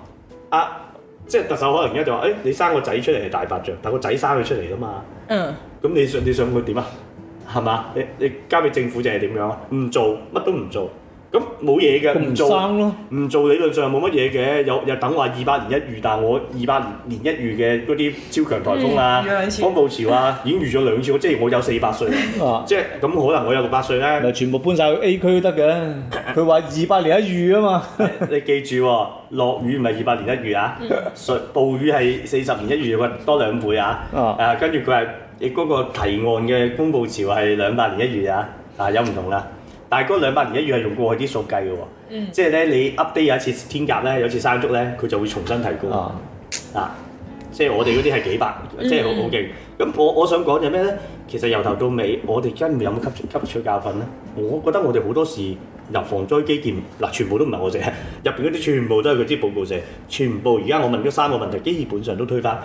啊，即係特首可能而家就話，誒、哎，你生個仔出嚟係大白象，但個仔生佢出嚟啦嘛。嗯、mm.。咁你想你想佢點啊？係嘛？你你交俾政府定係點樣？唔做，乜都唔做。咁冇嘢嘅，唔、啊、做唔做理論上冇乜嘢嘅，有又，又等話二百年一遇，但係我二百年一遇嘅嗰啲超強颱風啊、風暴、嗯、潮啊， 已經遇咗兩次，即係我有四百歲，啊、即係咁可能我有六百歲咧。嗱，全部搬晒去 A 區得嘅。佢話二百年一遇啊嘛， 你記住落、哦、雨唔係二百年一遇啊，嗯、暴雨係四十年一遇，多兩倍啊。誒、啊，跟住佢係你嗰個提案嘅風暴潮係兩百年一遇啊，嗱有唔同啦。 但係嗰兩百年一月係用過去啲數計嘅喎，即係咧你 update 有一次天鴿咧，有一次山竹咧，佢就會重新提高啊。即係、啊就是、我哋嗰啲係幾百，即係好好勁。咁我我想講就咩咧？其實由頭到尾，我哋跟有冇吸取吸取教訓咧？我覺得我哋好多時由防災基建嗱、呃，全部都唔係我哋，入邊嗰啲全部都係嗰啲報告社，全部而家我問咗三個問題，基本上都推翻。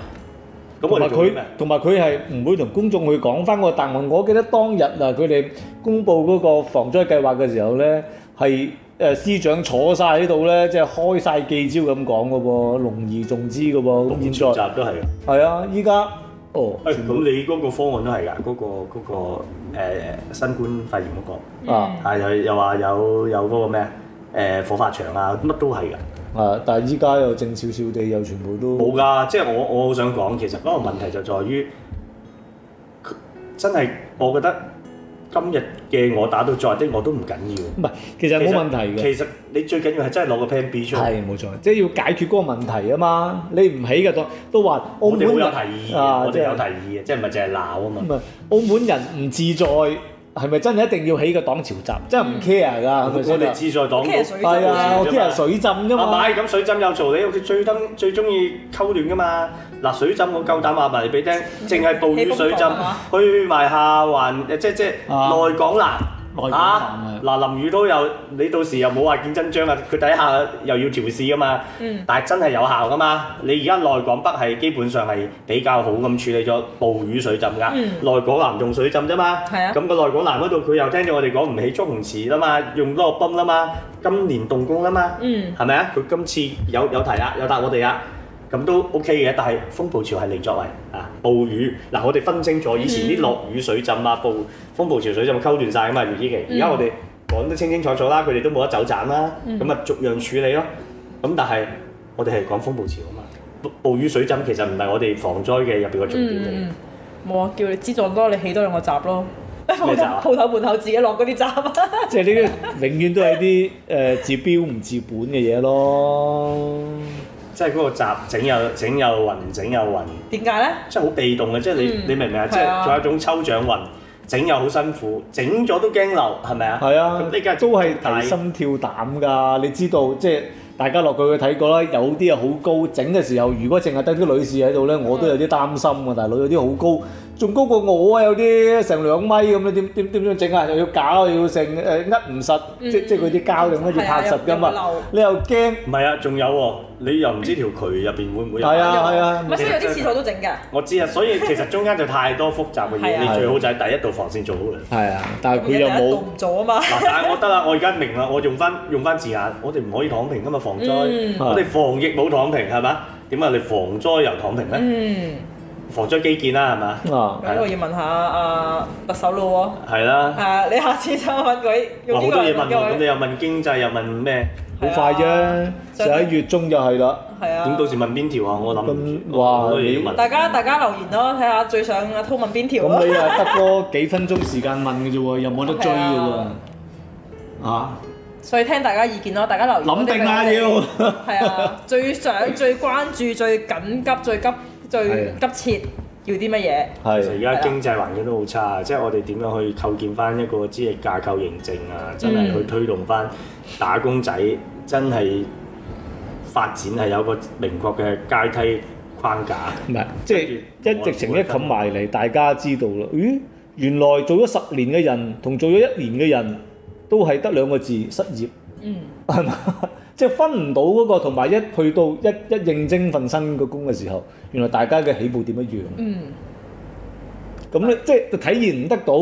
同埋佢，同埋佢係唔會同公眾去講返個答案。我記得當日啊，佢哋公布嗰個防災計劃嘅時候咧，係誒司長坐晒喺度咧，即、就、係、是、開晒記招咁講嘅喎，隆而重之嘅喎。咁演習都係嘅。係啊，依家哦。誒，咁你嗰個方案都係㗎，嗰、那個嗰、那個、那個呃、新冠肺炎嗰、那個、嗯、啊，啊又又話有有嗰個咩啊、呃？火化場啊，乜都係㗎。啊！但係依家又正少少地，又全部都冇㗎。即係我我好想講，其實嗰個問題就在於，真係我覺得今日嘅我打到再啲我都唔緊要。唔係，其實冇問題嘅。其實你最緊要係真係攞個 Plan B 出嚟。係冇錯，即係要解決嗰個問題啊嘛！你唔起嘅都都話澳門。我哋有提議嘅，啊、我哋有提議嘅，啊、即係唔係淨係鬧啊嘛？唔係澳門人唔自在。係咪真係一定要起個擋潮閘？真係唔 care 㗎，我哋志在擋冇。係啊，我 care 水、啊水，啊、水浸，因為買咁水浸有做嘅，佢最登最中意溝亂㗎嘛。嗱，水浸我夠膽話埋嚟俾你聽，淨係暴雨水浸， 去埋下環，即即係內港南。啊啊！淋、啊、雨都有，你到時又冇話見真章啊！佢底下又要調試噶嘛，嗯、但係真係有效噶嘛。你而家內港北係基本上係比較好咁處理咗暴雨水浸噶，嗯、內港南用水浸啫嘛。係咁、啊、個內港南嗰度佢又聽咗我哋講唔起蓄洪池啦嘛，用咗個泵啦嘛，今年動工啦嘛，係咪啊？佢今次有有提啦，有答我哋啦。咁都 OK 嘅，但係風暴潮係零作為啊！暴雨嗱、啊，我哋分清楚，以前啲落雨水浸啊，暴、嗯、風暴潮水浸溝斷晒啊嘛，如醫師。而家我哋講得清清楚楚啦，佢哋都冇得走盞啦，咁啊、嗯、逐樣處理咯。咁、啊、但係我哋係講風暴潮啊嘛，暴雨水浸其實唔係我哋防災嘅入邊嘅重點嚟。冇啊、嗯嗯嗯哦，叫你資助多，你起多兩個閘咯。咩閘、啊？鋪頭 門口自己落嗰啲閘啊！隨你嘅。永遠都係啲誒治標唔治本嘅嘢咯。即係嗰個閘整又整又暈整又暈，點解咧？即係好被動嘅，即係你你明唔明啊？即係仲有一種抽獎運整又好辛苦，整咗都驚流，係咪啊？係啊，都係提心跳膽㗎。你知道即係大家落去睇過啦，有啲啊好高，整嘅時候如果淨係得啲女士喺度咧，我都有啲擔心㗎。大佬、嗯、有啲好高，仲高過我啊，有啲成兩米咁樣，點點點樣整啊？又要搞，又要成誒握唔實，嗯、即即係嗰啲膠點跟住拍實㗎嘛？啊、又你又驚？唔係啊，仲有喎、啊。你又唔知條渠入邊會唔會有？係啊係啊，唔係啲廁所都整㗎。我知啊，所以其實中間就太多複雜嘅嘢，你最好就係第一道防線做好嘅。係啊，但係佢又冇做啊嘛。嗱，但係我得啦，我而家明啦，我用翻用翻字眼，我哋唔可以躺平㗎嘛，防災，我哋防疫冇躺平係嘛？點解你防災又躺平咧？嗯，防災基建啦係嘛？啊，咁我要問下阿特首佬喎。係啦。誒，你下次想問佢好多嘢問我，咁你又問經濟又問咩？好快啫！十一月中就係啦。係啊。點到時問邊條啊？我諗唔住。哇！我問大家，大家留言咯，睇下最想阿濤問邊條。咁你啊得多幾分鐘時間問嘅啫喎，又冇得追嘅喎。啊！啊所以聽大家意見咯，大家留言。諗定啦要。係啊，最想、最關注、最緊急、最急、最急切。做啲乜嘢？其實而家經濟環境都好差，即係我哋點樣去構建翻一個資歷架構認證啊？就係去推動翻打工仔，真係發展係有個明確嘅階梯框架。唔係，即係一直成日冚埋嚟，大家知道啦。咦，原來做咗十年嘅人同做咗一年嘅人都係得兩個字：失業。嗯，係嘛？即係分唔到嗰個，同埋一去到一一認證份新嘅工嘅時候。原來大家嘅起步點一樣,、嗯、樣，咁咧是即係就體現唔得到。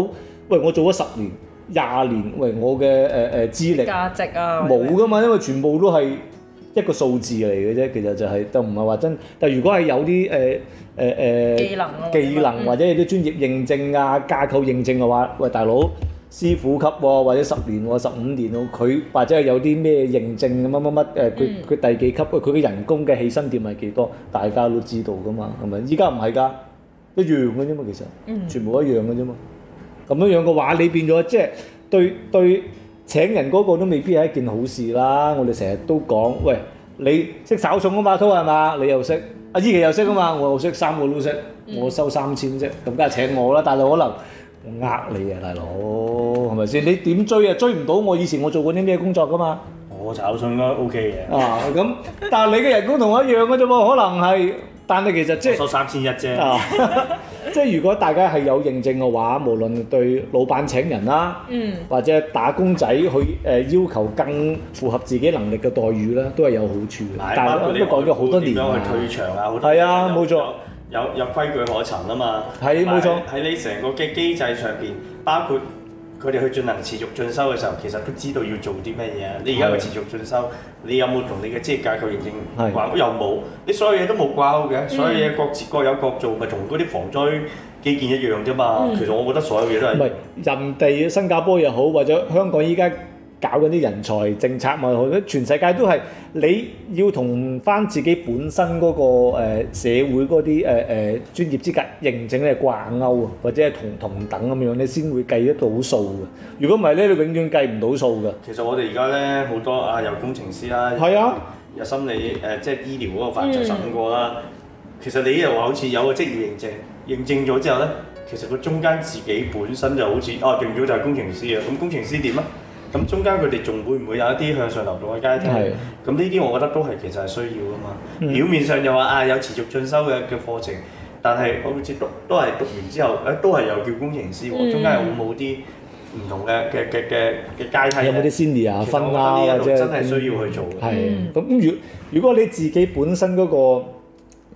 喂，我做咗十年、廿年，喂，我嘅誒誒資歷、價值啊，冇噶嘛，因為全部都係一個數字嚟嘅啫。其實就係、是、就唔係話真。但係如果係有啲誒誒誒技能、的技能或者有啲專業認證啊、架構認證嘅話，喂，大佬。師傅級喎、哦，或者十年喎、哦，十五年喎、哦，佢或者係有啲咩認證乜乜乜誒？佢佢、啊、第幾級？佢嘅人工嘅起薪點係幾多？大家都知道噶嘛，係咪？依家唔係㗎，一樣嘅啫嘛，其實，全部一樣嘅啫嘛。咁樣樣嘅話，你變咗即係對對請人嗰個都未必係一件好事啦。我哋成日都講，喂，你識手重啊嘛，都係嘛？你又識，阿、啊、依琪又識啊嘛，我又識三個都識，我收三千啫，咁梗係請我啦，但係可能。呃你啊，大佬，係咪先？你點追啊？追唔到我以前我做過啲咩工作噶嘛？我炒信啦，OK 嘅。啊，咁，但係你嘅人工同我一樣嘅啫喎，可能係，但係其實即係收三千一啫。即係如果大家係有認證嘅話，無論對老闆請人啦，嗯，或者打工仔去誒要求更符合自己能力嘅待遇咧，都係有好處嘅。但係都講咗好多年都係退場多啊，係啊，冇錯。有有規矩可循啊嘛，係冇是是錯。喺你成個嘅機制上邊，包括佢哋去進行持續進修嘅時候，其實都知道要做啲咩嘢。你而家去持續進修，是的 你有冇同你嘅職業架構認證？掛鈎又冇？你所有嘢都冇掛鈎嘅，是的 所有嘢各各有各做，咪同嗰啲防災基建一樣啫嘛。嗯、其實我覺得所有嘢都係人哋新加坡又好或者香港依家。搞嗰啲人才政策咪好？全世界都係你要同翻自己本身嗰、嗰個社會嗰啲誒誒專業資格認證咧掛鈎啊，或者係同同等咁樣你先會計得到數嘅。如果唔係咧，你永遠計唔到數嘅。其實我哋而家咧好多啊，有工程師啦，係啊，有、啊、心理誒、啊，即係醫療嗰個法證審過啦。嗯、其實你又話好似有個職業認證，認證咗之後咧，其實佢中間自己本身就好似哦，認、啊、咗就係、是、工程師啊。咁工程師點啊？咁中間佢哋仲會唔會有一啲向上流動嘅階梯？咁呢啲我覺得都係其實係需要噶嘛。嗯、表面上又話啊有持續進修嘅嘅課程，但係我好似讀都係讀完之後，誒都係又叫工程師喎。嗯、中間又有冇啲唔同嘅嘅嘅嘅嘅階梯有冇啲先啲啊分啊？我覺得呢一度真係需要去做嘅。係咁、嗯，如果如果你自己本身嗰、嗰個。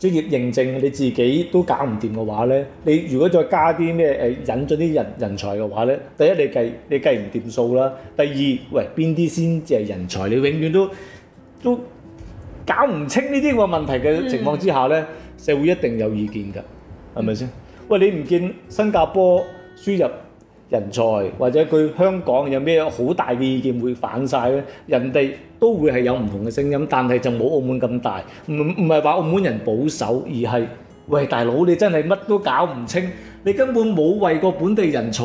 專業認證你自己都搞唔掂嘅話咧，你如果再加啲咩誒引進啲人人才嘅話咧，第一你計你計唔掂數啦，第二喂邊啲先至係人才？你永遠都都搞唔清呢啲個問題嘅情況之下咧，嗯、社會一定有意見㗎，係咪先？嗯、喂，你唔見新加坡輸入？人才或者佢香港有咩好大嘅意見會反曬咧？人哋都會係有唔同嘅聲音，但係就冇澳門咁大。唔唔係話澳門人保守，而係喂大佬，你真係乜都搞唔清，你根本冇為過本地人才、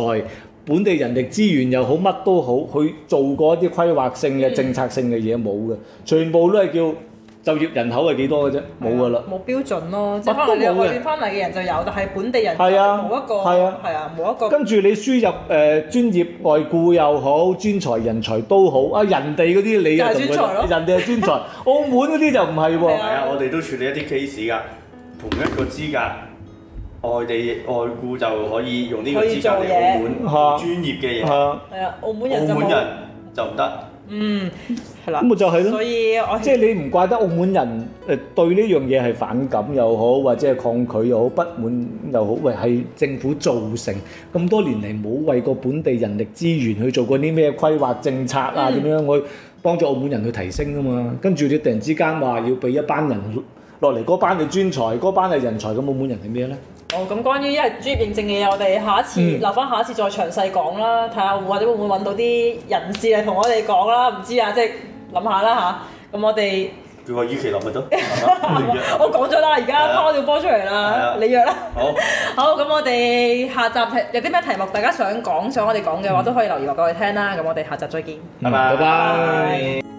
本地人力資源又好乜都好去做過一啲規劃性嘅、政策性嘅嘢冇嘅，全部都係叫。就業人口係幾多嘅啫？冇㗎啦，冇標準咯，即係可能你外邊翻嚟嘅人就有，但係本地人冇一個，係啊，係啊，冇一個。跟住你輸入誒專業外僱又好，專才人才都好啊，人哋嗰啲你又點樣？人哋係專才，澳門嗰啲就唔係喎。係啊，我哋都處理一啲 case 㗎，同一個資格，外地外僱就可以用呢個資格嚟澳門做專業嘅嘢。係啊，澳門人就唔得。嗯，係啦，咁咪就係咯，所以我即係你唔怪得澳門人誒對呢樣嘢係反感又好，或者係抗拒又好、不滿又好，喂，係政府造成咁多年嚟冇為個本地人力資源去做過啲咩規劃政策啊，咁、嗯、樣去幫助澳門人去提升噶嘛？跟住你突然之間話要俾一班人落嚟，嗰班嘅專才、嗰班嘅人才，咁澳門人係咩咧？哦，咁關於一係專業認證嘅嘢，我哋下一次留翻下一次再詳細講啦。睇下或者會唔會揾到啲人士嚟同我哋講啦？唔知啊，即係諗下啦吓，咁我哋叫 我於其諗咪得。我講咗啦，而家拋條波出嚟啦，你約啦。 好。 好，咁我哋下集有啲咩題目大家想講想我哋講嘅話，都、嗯、可以留言話我哋聽啦。咁我哋下集再見。拜拜。